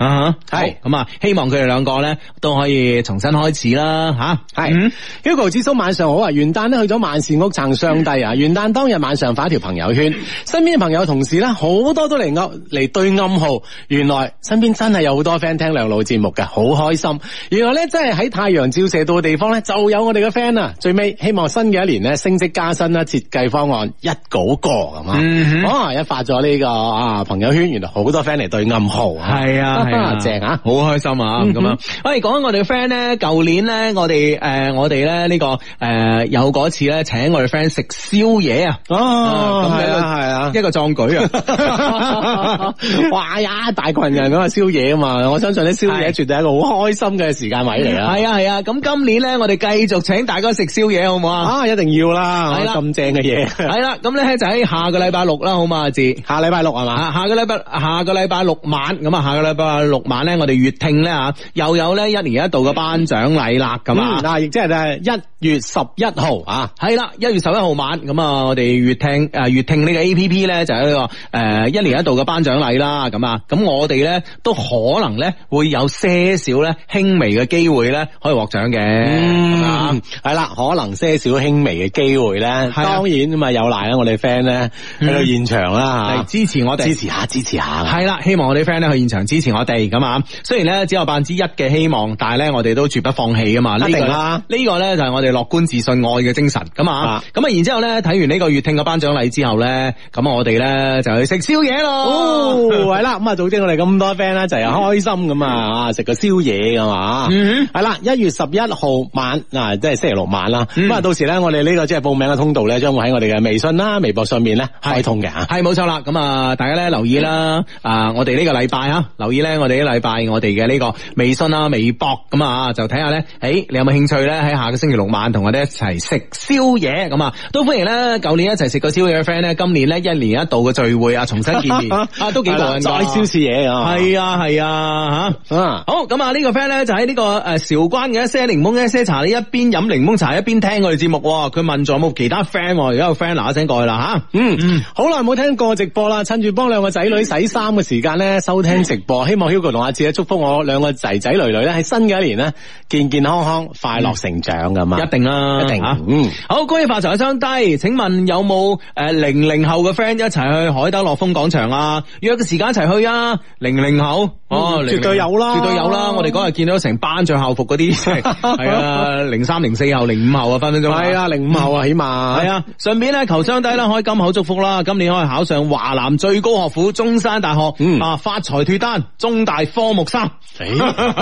A: 係咁啊、嗯，希望佢哋兩個咧都可以重新開始啦。吓、嗯、係、嗯。Hugo，支蘇，晚上好啊！元旦咧去咗萬住屋撐上帝啊！元旦當日晚上發一條朋友圈，身邊嘅朋友同事咧好多都嚟暗嚟對暗號。原來身邊真係有好多 friend 聽兩老節目嘅，好開心。原來咧真係喺太陽照射到嘅地方咧，就有我哋嘅 friend 啊！最尾希望新嘅一年咧升職加薪啦，設計方案一稿過咁、嗯哦這個、啊！我一發咗呢個啊朋友圈，原來好多 friend 嚟對暗號啊！係啊，啊，正啊，好開心啊！咁、嗯、啊，喂，講緊我哋嘅 friend 咧，舊年咧我哋誒、呃、我哋咧呢個誒、呃、有嗰次咧請。請我哋 friend 食宵夜啊！哦，咁啊係啊，一個壯舉啊！啊啊啊 哇呀，大群人咁啊，宵夜啊嘛！我相信啲宵夜絕對係一個好開心嘅時間位嚟啊！係啊係啊！咁、啊、今年咧，我哋繼續請大家食宵夜好唔好啊？啊，一定要啦！係啦、啊，咁正嘅嘢。係啦、啊，咁咧就喺下個禮拜六啦，好嘛，志、啊。下禮拜六係嘛？下個禮拜下個禮拜六晚，咁啊，下個禮拜六晚咧，我哋月聽咧啊，又有咧一年一度嘅頒獎禮啦，咁、嗯嗯、啊，嗱，亦即係就係一月十一號啊，係啦。一月十一號晚，咁啊，我哋月聽誒月聽呢個 A P P 咧，就喺個誒一年一度嘅頒獎禮啦。咁啊，咁我哋咧都可能咧會有些少咧輕微嘅機會咧，可以獲獎嘅。係、嗯、啦，可能些少輕微嘅機會咧。當然咁啊，有賴啦我哋 friend 咧去到現場啦吓、嗯，支持我哋支持下，支持下。係啦，希望我哋 friend 咧去現場支持我哋咁啊。雖然咧只有百分之一嘅希望，但係咧我哋都絕不放棄噶嘛。呢個啦、呢、呢個咧、啊呢個、就係我哋樂觀自信愛嘅精神。咁啊。啊，咁啊，然之後咧睇完呢個月聽嘅頒獎禮之後咧，咁我哋咧就去食宵夜咯，係、哦、 啦，咁啊，早知我哋咁多 friend 咧就係開心咁啊，食、嗯、個宵夜噶嘛，係、嗯、啦，一月十一號晚嗱、啊，即係星期六晚啦，咁、嗯、啊，到時咧我哋呢、這個即係報名嘅通道咧，將會喺我哋嘅微信啦、微博上面咧開通嘅、啊，係冇錯啦，咁啊，大家咧留意啦，嗯、啊，我哋呢個禮拜啊，留意咧我哋呢禮拜我哋嘅呢個微信啦、微博咁啊，就睇下咧，誒、哎，你有冇興趣咧喺下個星期六晚同我哋一齊食宵夜？咁啊，都歡迎啦，舊年一齊食過宵夜嘅 friend 咧，今年咧一年一度嘅聚會啊，重新見面 說 啊，都幾耐再宵食嘢啊，係啊係啊吓， 好咁啊呢個 friend 咧就喺呢、這個誒韶、呃、關嘅一些檸檬一些茶咧，一邊飲檸檬茶一邊聽我哋節目。佢問咗冇其他 friend，而家個 friend 嗱一聲過去啦吓、啊，嗯嗯，好耐冇聽過直播啦，趁住幫兩個仔女洗衫嘅時間咧收聽直播，嗯、希望 Hugo 同阿志祝福我兩個仔仔女女咧喺新嘅一年呢，健健康康快樂成長咁嘛、嗯。一定啦，一定、啊、嗯，好，發財嘅商低，請問有冇誒零零後嘅 friend 一齊去海德樂峰廣場啊？約個時間一齊去啊！零零後哦，絕對有啦，絕對有啦！啊、我哋嗰日見到成班着校服嗰啲係啊，零三、零四後、零五後、啊、後啊，分分鐘係啊，零五後啊，起碼係啊！上邊咧求商低啦，開金口祝福啦，今年可以考上華南最高學府中山大學，啊、嗯，發財脫單，中大科目三，欸、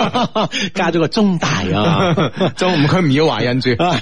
A: 加咗個中大啊，中唔區唔要懷孕住、 啊，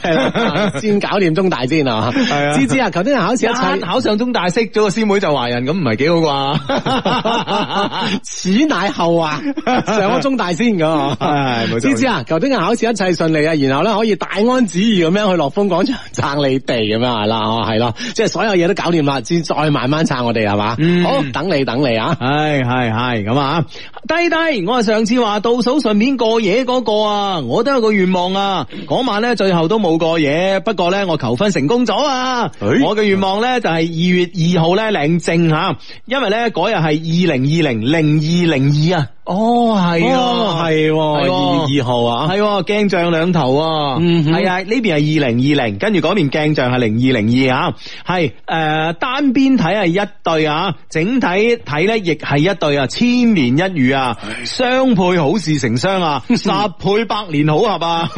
A: 先搞掂。中大先啊，芝芝啊，頭先、啊、考試一切考上中大，識咗個師妹就懷孕，咁唔係幾好啩？ 此乃後話、啊，上咗中大先咁啊，知 芝、哎、啊，求先人考試一切順利啊，然後咧可以大安旨意咁樣去樂豐廣場撐你哋咁樣係啦，哦係咯，即係所有嘢都搞掂啦，先再慢慢撐我哋係嘛，好等你等你啊，係係係咁啊。弟弟，我係上次話倒數順便過夜嗰個啊，我都有個願望啊。嗰晚咧最後都冇過夜，不過咧我求婚成功咗啊！我嘅願望咧就係、是、二月二號咧領證吓，因為咧嗰日係二零二零零二零二
B: 啊。哦，係啊，係、哦啊啊、二月二號啊，係
A: 鏡、啊、像兩頭啊，嗯係啊，呢邊係二零二零，跟住嗰邊鏡像係零二零二啊，係誒、呃、單邊睇係一對啊，整體睇咧亦係一對啊，千年一遇啊，雙倍好事成雙啊，十倍百年好合啊，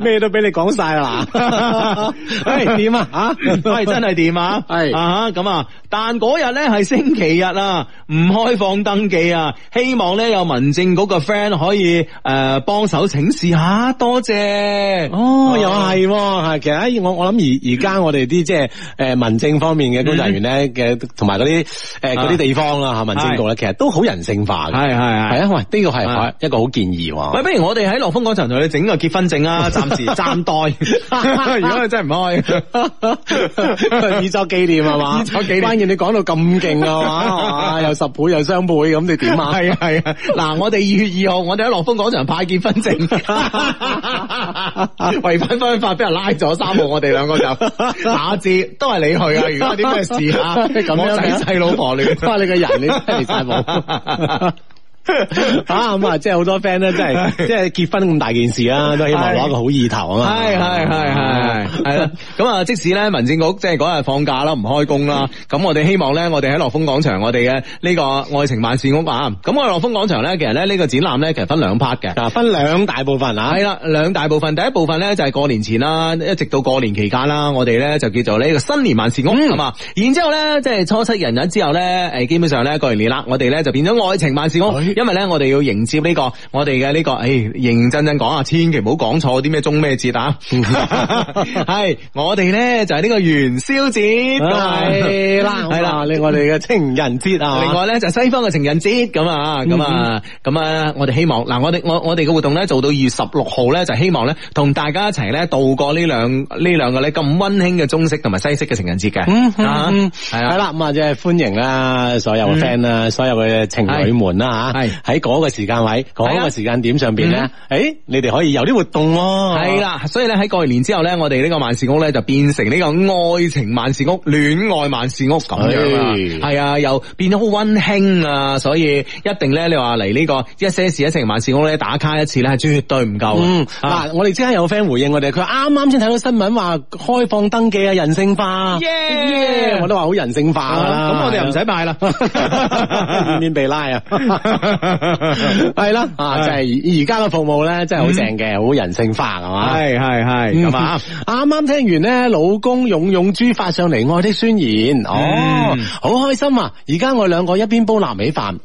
A: 咩 都俾你講晒啦，誒 點啊，吓喂真係點啊，係 啊咁啊，啊，但嗰日咧係星期日啊，唔開放登記啊。希望咧有民政局嘅 friend 可以誒幫手請示下，啊，多謝哦，又係係其實我我諗而而家我哋啲即係誒民政方面嘅工作人員咧嘅同埋嗰啲誒嗰啲地方啦吓，民政局咧其實都好人性化嘅。係係係啊，喂呢個係一個好建議，喂不如我哋喺樂豐廣場度去整個結婚證啊，暫時暫待， 暫暫暫 如果你真唔開以作紀念係嘛，以作紀念你講到咁勁啊，又十倍又雙倍咁你點？係啊係啊，嗱， 我哋二月二號，我哋喺樂豐廣場派結婚證，違 反方法，俾人拉咗三號，我哋兩個就打字，都係你去啊，如果有啲咩事啊，咁 我啲細 老婆亂，你個人你真係太忙。 吓 咁啊，即係好多 friend 咧，即係即係結婚咁大件事啦，都希望攞個好意頭啊嘛。係係係係係啦，咁啊， 那即使咧民政局即係嗰日放假啦，唔開工啦，咁我哋希望咧，我哋喺樂豐廣場我哋嘅呢個愛情萬事屋啊，咁、嗯、我樂豐廣場咧，其實咧呢個展覽咧，其實分兩 part 嘅，嗱分兩大部分嗱，係啦，兩大部分、嗯，第一部分咧就係過年前啦，一直到過年期間啦，我哋咧就叫做呢個新年萬事屋啊、嗯、然之後咧即係初七人日之後咧，誒基本上咧過完年啦，我哋咧就變咗愛情萬事屋。哎因為咧，我哋要迎接呢個我哋嘅呢個，誒、這個欸、認真真講啊，千祈唔好講錯啲咩中咩節啊！係我哋咧就係、是、呢個元宵節係啦，係 啦是了， 另外我哋嘅情人節啊，另外咧就西方嘅情人節咁啊，咁啊，咁啊，我哋、就是、希望嗱，我哋我我哋嘅活動咧做到二月十六號咧，就希望咧同大家一齊咧度過呢兩呢兩個咧咁溫馨嘅中式同埋西式嘅情人節嘅，係、嗯、啦，咁啊即係歡迎啦所有嘅 friend 啦，所有嘅情侶們啦吓。喺嗰個時間位，嗰個時間點上邊咧，誒、啊哎，你哋可以有啲活動喎、啊。係啦、啊，所以咧喺過年之後咧，我哋呢個萬事屋咧就變成呢個愛情萬事屋、戀愛萬事屋咁樣係、哎、啊，又變得好溫馨啊，所以一定咧，你話嚟呢個一些事一些情萬事屋咧打卡一次咧，絕對唔夠。嗯，嗱、啊，我哋即刻有個 friend 回應我哋，佢啱啱先睇到新聞話開放登記啊，人性化。耶、yeah! yeah!，我都話好人性化啦、啊。咁、嗯、我哋又唔使拜啦， 面被拉抓啊！ 係 啦，啊，就係而家嘅服務咧，真係好正嘅，好人性化係嘛，係係係咁啊！啱啱 樣吧 聽完咧，老公勇勇豬發上嚟愛的宣言，嗯、哦、好、嗯、開心啊！而家我哋兩個一邊煲臘味飯，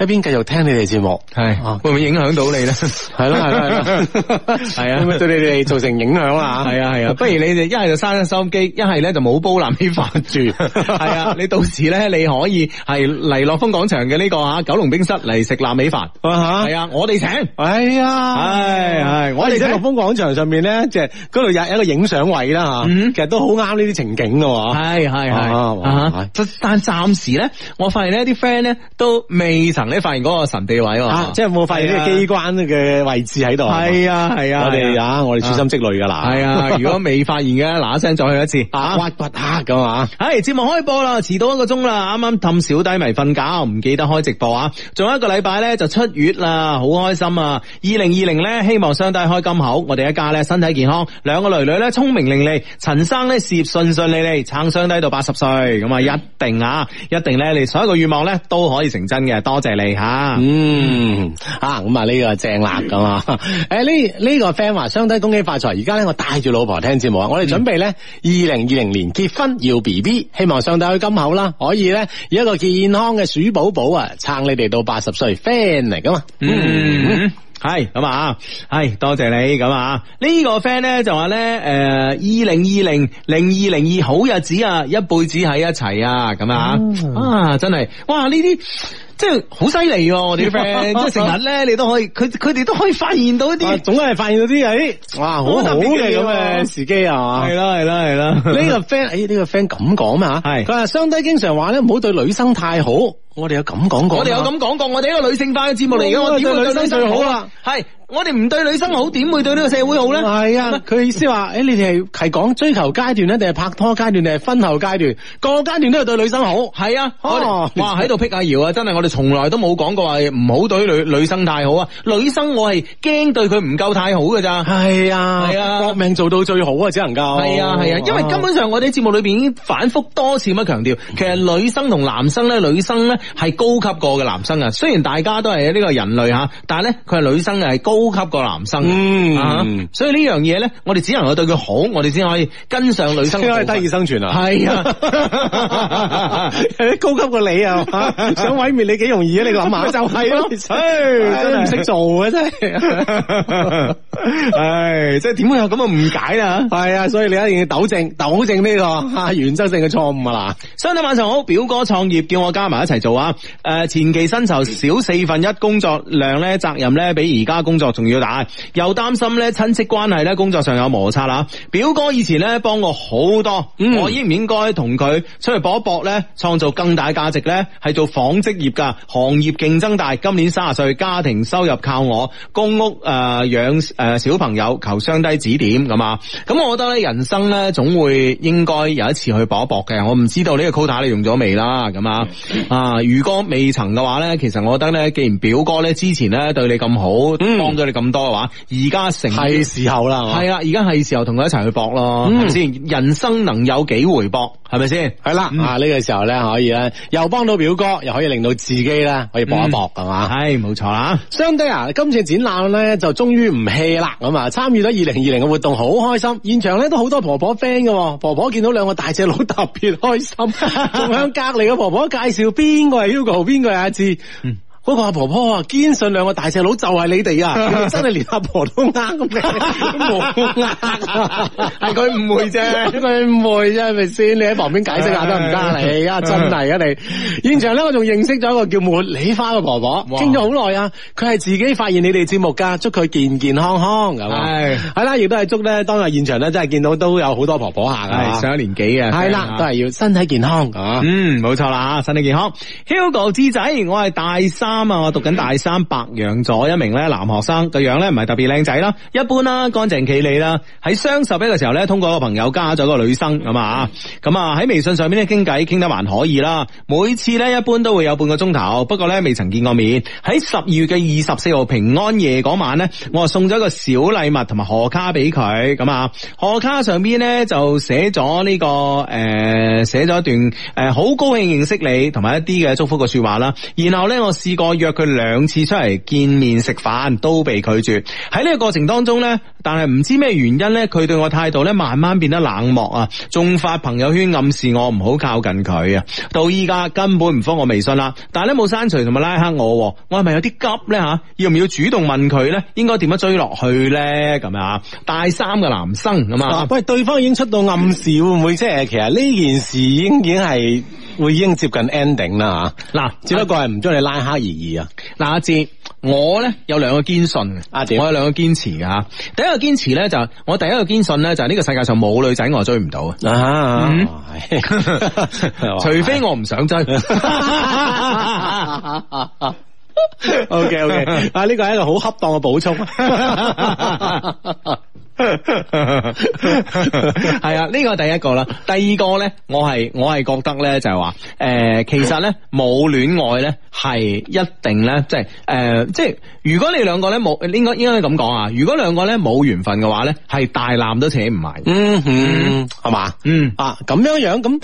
A: 一邊繼續聽你哋節目，係、okay、會唔會影響到你咧？係咯係係係啊，對你哋造成影響啦係啊係啊，不如你哋一係就閂咗收音機，一係咧就冇煲臘味飯住，係啊，是啊是啊是啊 你啊 到時咧你可以係黎樂峰廣場嘅呢、這個吓九龍冰室嚟食臘味飯，係、uh -huh? 啊，我哋請，哎 啊，係、啊 啊，我哋喺樂峰廣場上面咧，即係嗰度有一個影相位啦吓，其實都好啱呢啲情景嘅，係係係， 啊、 但暫時咧，我發現呢啲 friend 咧都未曾。你發現嗰個神秘位嘛、啊？即係冇發現呢個機關嘅位置喺度？係啊，係啊，啊，啊，啊，我哋啊，我哋處心積慮噶啦。係啊，如果未發現嘅，嗱一聲再去一次，挖掘下咁啊。係、啊、節、啊啊啊啊啊、目開播啦，遲到一個鐘啦，啱啱氹小弟咪瞓覺，唔記得開直播啊！仲有一個禮拜咧就出月啦，好開心啊！二零二零咧，希望雙低開金口，我哋一家咧身體健康，兩個女女咧聰明伶俐，陳生咧事業順順利利，撐雙低到八十歲，咁啊一定啊，一定咧你所有嘅願望咧都可以成真嘅，多謝你。係、啊、吓，嗯吓，咁啊呢個正辣咁 啊！誒，呢呢個 friend 話上帝恭喜發財，而家咧我帶住老婆聽節目，我哋準備咧二零二零年結婚要 B B，希望上帝開金口啦，可以咧以一個健康嘅鼠寶寶啊撐你哋到八十歲，friend 嚟噶嘛，嗯，係咁啊，係、嗯啊、多謝你咁啊，這個、呢個 friend 咧就話咧誒二零二零零二零二好日子啊，一輩子喺一齊啊，咁啊，嗯、啊真係哇呢啲。這些即係好犀利喎，我哋 friend， 即係成日咧，你都可以，佢佢哋都可以發現到一啲、啊，總係發現到啲誒，哇，哇好特別嘅咁嘅時機啊，係嘛？係啦係啦係啦，呢 個 friend，誒呢個 friend 咁講嘛係佢話雙低經常話咧，唔好對女生太好，我哋有咁講過，我哋有咁講過，我哋一個女性化嘅節目嚟，嘅。我點對女生最好啊，係。我哋唔對女生好，點會對呢個社會好咧？係啊，佢意思話，誒，你哋係係講追求階段咧，定係拍拖階段，定係婚後階段？個階段都係對女生好，係啊我、哦，哇，喺度辟下謠啊！真係我哋從來都冇講過話唔好對女女生太好啊！女生我係驚對佢唔夠太好噶咋？係啊，係啊，搏、啊、命做到最好啊，只能夠係啊，係啊、哦，因為根本上我哋節目裏邊已經反復多次咁強調，其實女生同男生咧，女生咧係高級過嘅男生啊。雖然大家都係呢個人類吓，但係咧佢係女生又係高級。高級個男生，嗯，啊、所以這呢樣嘢咧，我哋只能去對佢好，我哋先可以跟上女生。先可以得以生存是啊！係啊，高級個你啊， 想毀滅你幾容易啊！你諗下就係咯、 啊哎，真係唔識做啊！真係，唉、 哎，即係點會有咁嘅誤解啊！係 啊，所以你一定要糾正糾正呢個啊原則性嘅錯誤啊啦 Sunday 晚上好，表哥創業叫我加埋一齊做啊！誒、呃，前期薪酬少四分一，工作量咧責任咧比而家工作。仲要大，又擔心咧親戚關係咧工作上有摩擦啦。表哥以前咧幫我好多，mm -hmm. 我應唔應該同佢出去搏一搏咧，創造更大價值咧？係做紡織業噶行業競爭大，今年三十歲，家庭收入靠我，公屋誒、呃、養誒、呃、小朋友，求相低指點咁啊。咁我覺得咧人生咧總會應該有一次去搏一搏嘅。我唔知道呢個 quota 你用咗未啦？咁啊，啊，如果未曾嘅話咧，其實我覺得咧，既然表哥咧之前咧對你咁好，幫、mm -hmm.。咁多嘅話，而家成係時候啦，係啊，而家係時候同佢一齊去搏咯，先、嗯？人生能有幾回搏，係咪先？係啦、啊嗯，啊呢、這個時候咧可以咧，又幫到表哥，又可以令到自己咧可以搏一搏，係、嗯、嘛？係，冇錯啦。雙爹啊，今次展覽咧就終於唔氣啦，咁啊，參與咗二零二零嘅活動，好開心。現場咧都好多婆婆 friend 嘅，婆婆見到兩個大隻佬特別開心，仲 向隔籬嘅婆婆介紹邊個係 Hugo，邊個係阿志。嗰、那個阿婆婆啊，堅信兩個大細佬就係你哋啊，真係連阿婆,婆都啱咁嘅，冇啱，係佢誤會啫，佢 誤會啫，係咪先？你喺旁邊解釋下得唔得你而家真係啊，你現場咧，我仲認識咗一個叫茉莉花嘅婆婆，傾咗好耐啊。佢係自己發現你哋節目噶，祝佢健健康康，係嘛？係啦，亦都係祝咧，當日現場咧，真係見到都有好多婆婆下嘅，上咗年紀嘅，係啦，都係要身體健康。嗯，冇錯啦，身體健康。Hugo 志仔，我係大三。啱啊！我讀緊大三，白羊座，一名咧男學生，個樣咧唔係特別靚仔啦，一般啦，乾淨企理啦。喺雙十一嘅時候咧，通過一個朋友加咗個女生咁啊。咁啊喺微信上邊咧傾偈，傾得還可以啦。每次咧一般都會有半個鐘頭，不過咧未曾見過面。喺十二月嘅二十四號平安夜嗰晚咧，我送咗一個小禮物同埋賀卡俾佢。咁啊賀卡上邊咧就寫咗呢個誒，寫、呃、咗一段誒好高興認識你，同埋一啲嘅祝福嘅說話啦。然後咧我試。再約佢兩次出嚟見面食飯都被拒絕，喺呢個過程當中呢，但係唔知咩原因呢，佢對我態度呢慢慢變得冷漠啊，仲發朋友圈暗示我唔好靠近佢啊，到依家根本唔覆我微信啦，但係咧冇刪除同埋拉黑我，我係咪有啲急呢？吓？要唔要主動問佢呢？應該點樣追落去呢？咁樣啊，大三嘅男生咁啊，喂，對方已經出到暗示會唔會即係其實呢件事已經已經係？會已經接近 ending 啦吓，嗱，只不過係唔鍾意你拉黑而已啊。嗱，阿杰，我咧有兩個堅信，阿我有兩個堅持嘅吓。第一個堅持咧就係，我第一個堅信咧就係呢個世界上冇女仔我追唔到啊，
B: 啊嗯、 除
A: 非我唔想追。
B: O K O
A: K，啊，呢個係一個好恰當嘅補充。 係 啊，呢、個係第一個啦，第二個咧，我係我係覺得咧，就係話，誒，其實咧冇戀愛咧，係一定咧，即係，誒、呃，即係如果你兩個咧冇，應該應該咁講啊，如果兩個咧冇緣分嘅話咧，係大纜都扯唔埋，嗯哼，係嘛，嗯，嗯啊，咁樣樣咁。那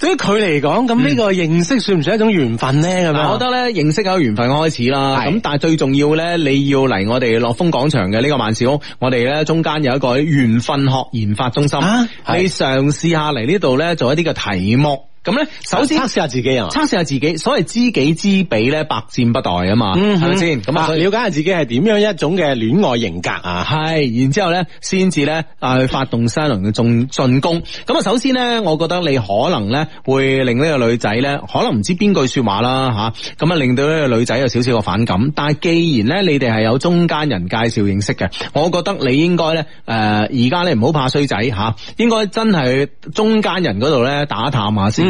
A: 對於佢嚟講，咁呢個認識算唔算一種緣分呢？咁、嗯、樣，我覺得咧認識有緣分開始啦。咁但係最重要呢，你要嚟我哋樂豐廣場嘅呢個萬事屋，我哋呢中間有一個緣分學研發中心，啊、你嘗試下嚟呢度呢做一啲嘅題目。咁咧，首先測試下自己啊，測試下自己，所謂知己知彼咧，百戰不殆啊嘛，嗯，係咪先？咁啊，去、就是、了解下自己係點樣一種嘅戀愛型格啊，係，然之後咧，先至咧啊去發動新一輪嘅進進攻。咁啊，首先咧，我覺得你可能咧會令呢個女仔咧，可能唔知邊句說話啦吓，咁啊令到呢個女仔有少少嘅反感。但係既然咧你哋係有中間人介紹認識嘅，我覺得你應該咧誒而家咧唔好怕衰仔吓，應該真係中間人度咧打探下先、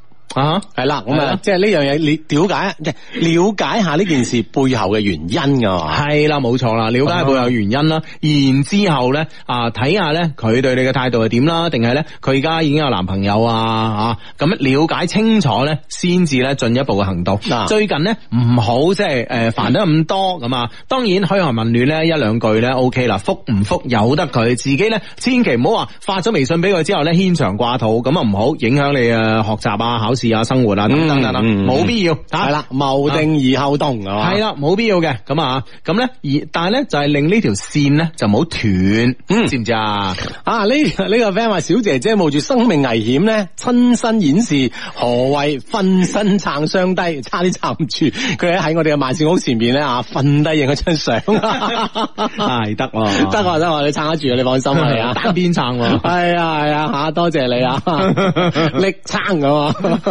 A: 啊、uh -huh，係啦，咁啊，即係呢樣嘢，你了解，即、uh、係 -huh. 了解下呢件事背後嘅原因噶。係 啦，冇錯啦，了解背後原因啦，uh -huh. 然之後咧，啊，睇下咧，佢對你嘅態度係點啦，定係咧，佢而家已經有男朋友啊，吓，咁了解清楚咧，先至咧進一步嘅行動。嗱、uh -huh.，最近咧唔好即係誒煩得咁多咁啊。當然嘘寒問暖咧一兩句咧 O K 啦，復唔復由得佢自己咧，千祈唔好話發咗微信俾佢之後咧牽腸掛肚咁啊，唔好影響你啊學習啊考試。試下生活啊等等等等。冇、嗯嗯、必要，係、啊、啦，謀定而後動，係啦，冇必要嘅，咁、嗯、啊，咁咧而，但係咧就係令呢條線咧就唔好斷，知唔知啊？啊呢呢個 friend 話，小姐姐冒住生命危險咧，親身演示何謂分身撐雙低，差啲撐唔住，佢喺我哋嘅萬事屋前面咧啊，瞓低影嗰張相，係得喎，得喎，得喎，你撐得住，你放心啊，啊，單邊撐，係 啊，係啊，吓，多謝你啊，力撐㗎喎。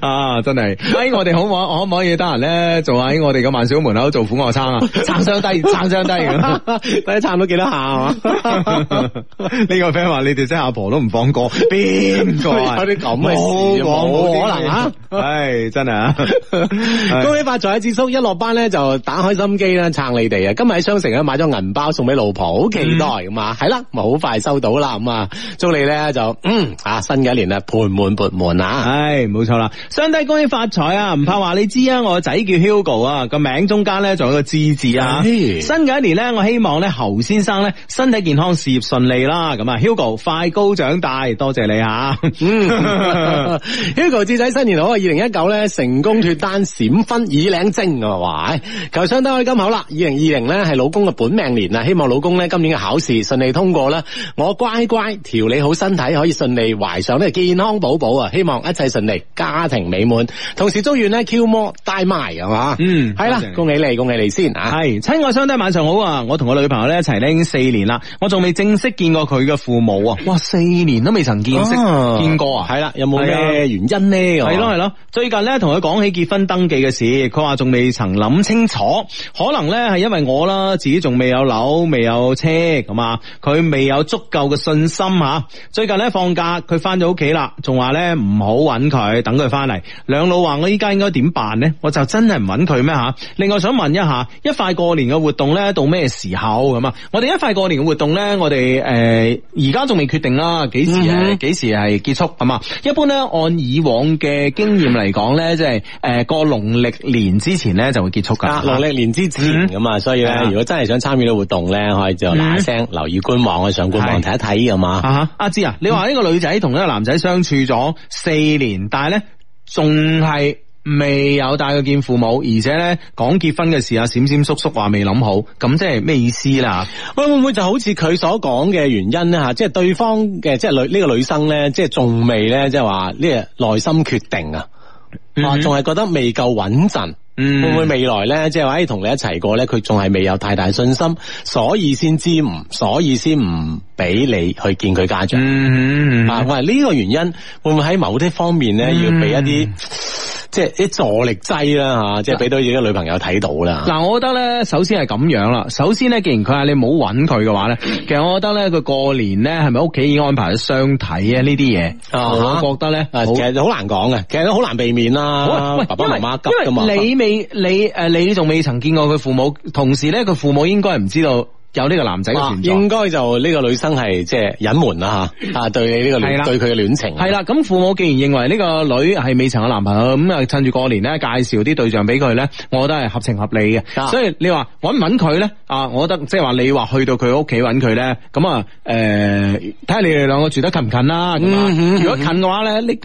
A: 啊，真係！哎，我哋可唔可可唔可以得閒咧，做喺、哎、我哋嘅萬小門口做俯臥撐啊，撐上低，撐上低，睇 撐到幾多下啊！呢 個 friend 話：你哋真阿婆都唔放過邊個啊？有啲咁嘅事，冇可能啊！唉、啊哎，真係啊！ 恭喜發財啊！智叔一落班咧就打開心機啦，撐你哋啊！今日喺商城咧買咗銀包送俾老婆，好期待咁啊！係、嗯、啦，咪、嗯、好快收到啦咁、嗯、啊！祝你咧就嗯啊新嘅一年盼滿盼盼盼啊，盆滿鉢滿啊！唉，冇錯啦。相低恭喜發財啊！唔怕話你知啊，我仔叫 Hugo 啊，個名中間咧仲有個智字啊。新嘅一年咧，我希望咧侯先生咧身體健康，事業順利啦。咁啊，Hugo 快高長大，多謝你吓。 嗯，Hugo 智仔新年好啊！二零一九咧成功脫單閃婚已領證啊！哇，求相低開金口啦！二零二零咧係老公嘅本命年啊，希望老公咧今年嘅考試順利通過啦。我乖乖調理好身體，可以順利懷上咧健康寶寶啊！希望一切順利，加家庭美滿，同時祝願咧 Q 魔 die 埋係嘛，嗯，係啦，恭喜你，恭喜你先吓，係親愛雙丁晚上好啊，我同我女朋友咧一齊咧已經四年啦，我仲未正式見過佢嘅父母啊，哇，四年都未曾見識、啊、見過啊，係啦，有冇咩原因呢？係咯係咯，最近咧同佢講起結婚登記嘅事，佢話仲未曾諗清楚，可能咧係因為我啦，自己仲未有樓，未有車，咁啊，佢未有足夠嘅信心吓，最近咧放假佢翻咗屋企啦，仲話咧唔好搵佢，等佢。翻嚟，兩老話我依家應該點辦呢？我就真係唔揾佢咩吓？另外想問一下，一塊過年嘅活動呢到咩時候咁啊？我哋一塊過年嘅活動呢，我哋誒而家仲未決定啦，幾時？幾時係結束？咁、嗯、嘛一般呢按以往嘅經驗嚟講呢，即係誒過農曆年之前呢就會結束噶、啊。農曆年之前咁啊，所以呢如果真係想參與啲活動呢、嗯，可以就嗱聲留意官網去上官網睇一睇啊嘛。阿、啊、芝啊，啊，啊，啊，啊，啊，你話呢個女仔同呢個男仔相處咗四年，但係呢。仲係未有帶佢見父母，而且咧講結婚嘅事啊，閃閃縮縮話未諗好，咁即係咩意思啦？喂，會唔會就好似佢所講嘅原因咧？吓，即係對方嘅即係女呢個女生咧，即係仲未咧，即係話呢個內心決定啊，啊、嗯，仲係覺得未夠穩陣。會唔會未來呢？即係話同你一齊過呢，佢仲係未有太大信心，所以先知唔，所以先唔俾你去見佢家長。嗱、嗯，我話呢個原因，會唔會喺某啲方面呢、嗯？要俾一啲？即係啲助力劑啦吓，即係俾到自己嘅女朋友睇到啦。嗱、啊，我覺得咧，首先係咁樣啦。首先咧，既然佢話你唔好搵佢嘅話咧， 其實我覺得咧，佢過年咧係咪屋企已經安排咗相睇啊？呢啲嘢，我覺得咧，其實就好難講嘅，其實都好難避免啦、啊啊。喂，爸爸媽媽媽媽，因為你未你誒，你仲未曾見過佢父母，同時咧，佢父母應該係唔知道。有呢個男仔嘅存在，應該就呢個女生係即係隱瞞啦吓，啊 對你呢個戀對佢嘅戀情係啦。咁父母既然認為呢個女係未曾有男朋友，咁啊趁住過年咧介紹啲對象俾佢咧，我覺得係合情合理嘅、啊。所以你話揾唔揾佢咧？啊，我覺得即係話你話去到佢屋企揾佢咧，咁啊誒睇下你哋兩個住得近唔近啦、嗯嗯。如果近嘅話咧，搦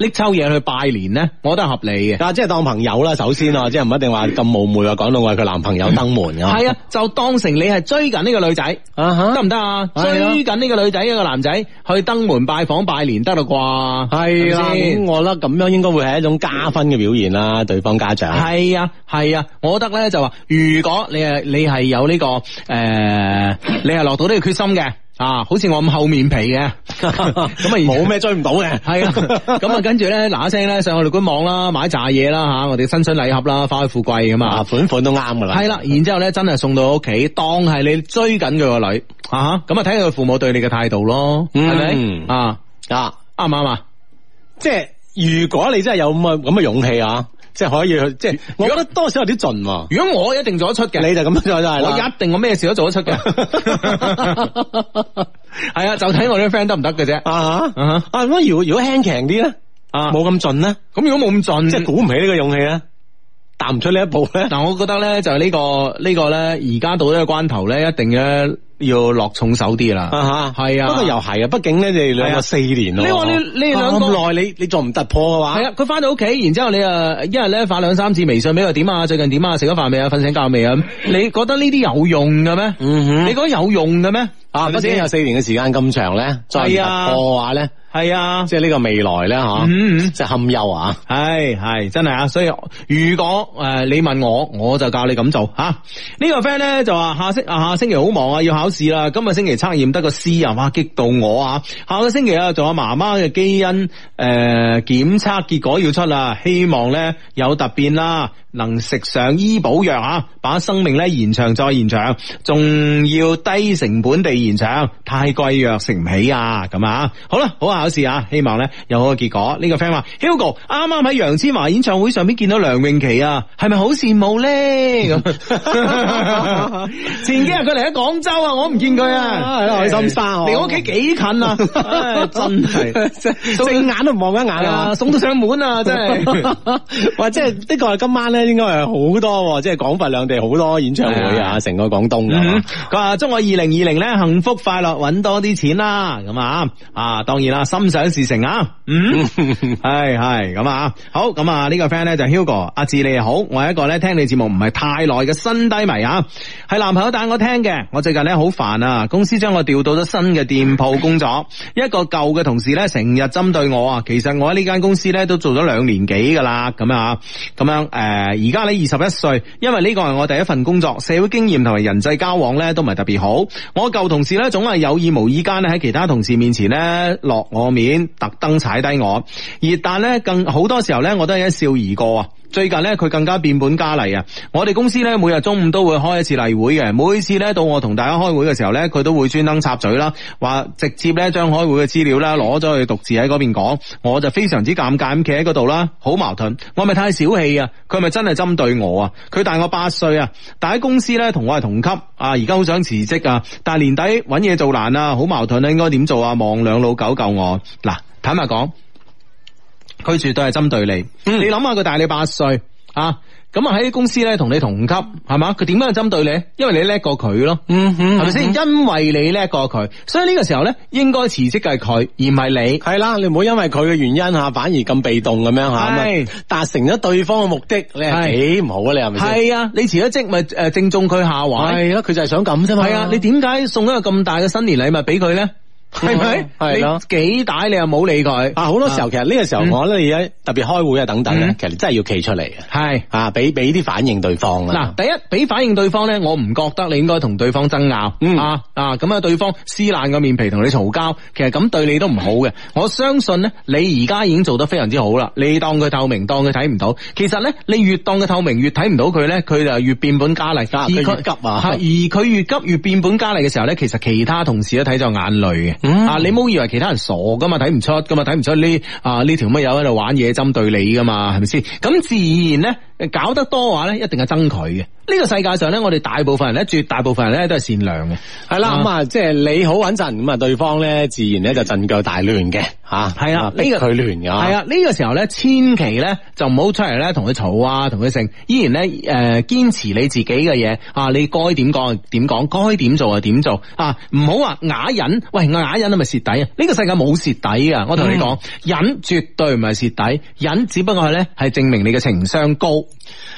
A: 搦抽嘢去拜年咧，我覺得合理嘅。係、啊、即係當朋友啦，首先 啊，即係唔一定話咁冒昧啊，講到我係佢男朋友登門係啊，啊，就當成你係追緊呢個女仔，得唔得啊？追緊呢個女仔，一個男仔去登門拜訪拜年，得啦啩？係啊，我覺得咁樣應該會係一種加分嘅表現啦。對方家長，係啊，係啊，我覺得咧就話，如果你係你係有呢個誒，你係、這個呃、落到呢個決心嘅。啊，好似我咁厚面皮嘅 然後，咁 啊冇咩追唔到嘅，係、啊、啦，咁啊跟住咧嗱一聲咧上去我哋官網啦，買炸嘢啦吓，我哋新春禮盒啦，花開富貴咁啊，啊，款款都啱噶啦，係啦，然之後咧真係送到屋企， 當係你追緊佢個女，啊，咁啊睇下佢父母對你嘅態度咯，係、嗯、咪啊啊啱唔啱啊？即係如果你真係有咁咁嘅勇氣啊！即係可以去，即係如果我多少有啲盡。如果我一定做得出嘅，你就咁樣做就係。我一定我咩事都做得出嘅。 係啊，uh -huh. uh -huh. uh -huh. 啊，就睇我啲 friend 得唔得嘅啫。啊啊如果輕強啲咧，啊冇咁盡咧，咁如果冇咁盡，即係鼓唔起呢個勇氣咧，踏唔出呢一步咧。但我覺得咧就係呢個呢個咧，而家到呢個關頭咧，一定嘅。要落重手啲啦，吓、啊，係啊，不過又係啊，畢竟咧你兩個四年咯，你話你你哋兩個咁耐，你你仲唔突破嘅話？係啊，佢翻到屋企，然之後你啊，一日咧發兩三次微信俾佢點啊，最近點啊，食咗飯未啊，瞓醒 覺未啊？嗯？你覺得呢啲有用嘅咩？嗯哼，你覺得有用嘅咩？啊，畢竟有四年嘅時間咁長咧，啊，再唔突破嘅話咧？係啊，即係呢個未來咧吓，即係堪憂啊！係、嗯、係、嗯啊、真係啊，所以如果誒你問我，我就教你咁做吓。呢、啊這個 friend 咧就話下星啊下星期好忙啊，要考試啦，今日星期測驗得個 C 啊，激到我啊！下個星期啊，仲有媽媽嘅基因誒檢測結果要出啦，希望咧有突變啦。能食上醫保藥啊，把生命咧延長再延長，仲要低成本地延長，太貴藥食唔起啊咁啊！好啦，好考試啊，希望咧有好嘅結果。呢、這個 friend 話：，Hugo 啱啱喺楊千嬅演唱會上邊見到梁詠琪 啊，係咪好羨慕咧？前幾日佢嚟喺廣州啊，我唔見佢啊，喺海心沙，離我屋企幾近啊， 哎、真係，正眼都唔望一眼啊，啊，送到上門啊， 真係的，哇 或者，即係的確係今晚咧。應該係好多，即係廣佛兩地好多演唱會啊！成個廣東噶！佢、嗯、話：祝我二零二零咧，幸福快樂，揾多啲錢啦、啊！咁啊啊，當然啦、啊，心想事成啊！嗯，係係咁啊！好咁啊，呢、這個 friend 咧就 Hugo，阿志你好，我係一個咧聽你節目唔係太耐嘅新低迷啊，係男朋友帶我聽嘅。我最近咧好煩啊，公司將我調到咗新嘅店鋪工作，嗯、一個舊嘅同事咧成日針對我啊。其實我喺呢間公司咧都做咗兩年幾噶啦，咁啊，咁樣誒。欸而家你二十一歲，因為呢個係我第一份工作，社會經驗同埋人際交往咧都唔係特別好。我舊同事咧總係有意無意間咧喺其他同事面前咧落我面，特登踩低我。而但咧，更好多時候咧，我都係一笑而過啊。最近咧，佢更加變本加厲啊！我哋公司咧，每日中午都會開一次例會嘅，每次咧到我同大家開會嘅時候咧，佢都會專登插嘴啦，話直接咧將開會嘅資料咧攞咗去獨自喺嗰邊講，我就非常之尷尬咁企喺嗰度啦，好矛盾，我咪太小氣啊？佢咪真係針對我啊？佢大我八歲啊，但喺公司咧同我係同級啊，而家好想辭職啊，但係年底揾嘢做難啊，好矛盾啊，應該點做啊？望兩老九救我嗱，坦白講。佢絕對係針對你，你諗下佢大你八歲啊，咁啊喺公司咧同你同級係嘛？佢點解要針對你？因為你叻過佢咯，嗯嗯，係咪先？因為你叻過佢，所以呢個時候咧應該辭職嘅係佢，而唔係你。係啦，你唔好因為佢嘅原因吓，反而咁被動咁樣吓，咪達成咗對方嘅目的，你係幾唔好啊？你係咪？係啊，你辭咗職咪誒正中佢下懷，係啊，佢就係想咁啫嘛。係啊，你點解送一個咁大嘅新年禮物俾佢咧？係咪係咯？幾、嗯、大你又冇理佢啊！好多時候、啊、其實呢個時候、嗯、我咧而家特別開會啊等等咧、嗯，其實真係要企出嚟嘅。係啊，俾俾啲反應對方啦。嗱，第一俾反應對方咧，我唔覺得你應該同對方爭拗。啊、嗯、啊，咁啊，樣對方撕爛個面皮同你嘈交，其實咁對你都唔好嘅、嗯。我相信咧，你而家已經做得非常之好啦。你當佢透明，當佢睇唔到，其實咧你越當佢透明，越睇唔到佢咧，佢就越變本加厲。而、啊、佢急啊，而佢越急越變本加厲嘅時候咧，其實其他同事都睇咗眼淚嘅。啊、嗯！你唔好以為其他人傻噶嘛，睇唔出噶嘛，睇唔出呢啊呢條乜嘢喺度玩嘢，針對你噶嘛，係咪先？咁自然咧，搞得多嘅話咧，一定係爭佢嘅。呢、這個世界上咧，我哋大部分人咧，絕大部分人咧都係善良嘅。係啦，咁啊，是的即係你好穩陣，咁 啊，對方咧自然咧就陣腳大亂嘅。吓，
B: 係啊，呢個佢亂嘅，
A: 係啊，呢個時候咧，千祈咧就唔好出嚟咧同佢吵啊，同佢成，依然咧誒堅持你自己嘅嘢啊，你該點講就點講，該點做就點做啊，唔好話啞忍，喂我打人係咪蝕底啊？呢、這個世界冇蝕底啊！我同你講、嗯，忍絕對唔係蝕底，忍只不過係咧，係證明你嘅情商高。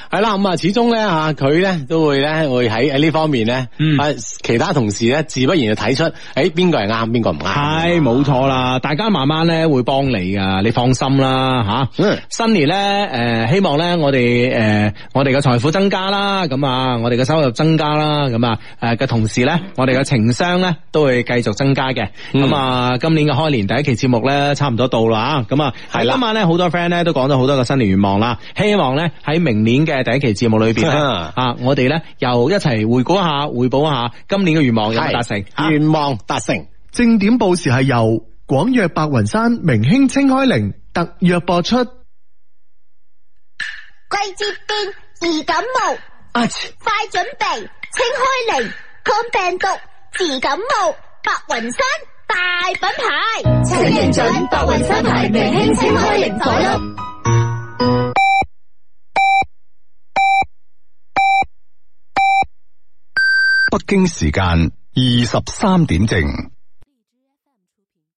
A: 係啦，咁啊，始終咧吓，佢咧都會咧會喺喺呢方面咧、嗯，其他同事咧自不然就睇出，誒邊個係啱，邊個唔啱。係，冇、哎、錯啦、嗯，大家慢慢咧會幫你噶，你放心啦吓、嗯。新年咧誒、呃，希望咧我哋誒、呃、我哋嘅財富增加啦，咁啊我哋嘅收入增加啦，咁啊誒嘅同時咧，我哋嘅情商咧都會繼續增加嘅。咁、嗯、啊，今年嘅開年第一期節目咧差唔多到啦，咁啊，係啦，今晚咧好多 friend 咧都講咗好多嘅新年願望啦，希望咧喺明。年嘅第一期節目裏邊咧，啊，我哋咧又一齊回顧一下、匯報一下今年嘅願望有冇達成？願望達成。正點報時係由廣藥白雲山明興清開靈特約播出。
B: 季節變，易感冒，快準備清開靈抗病毒治感冒，白雲山大品牌，請認準白雲山牌明興清開靈左粒。北京時間二十三點正。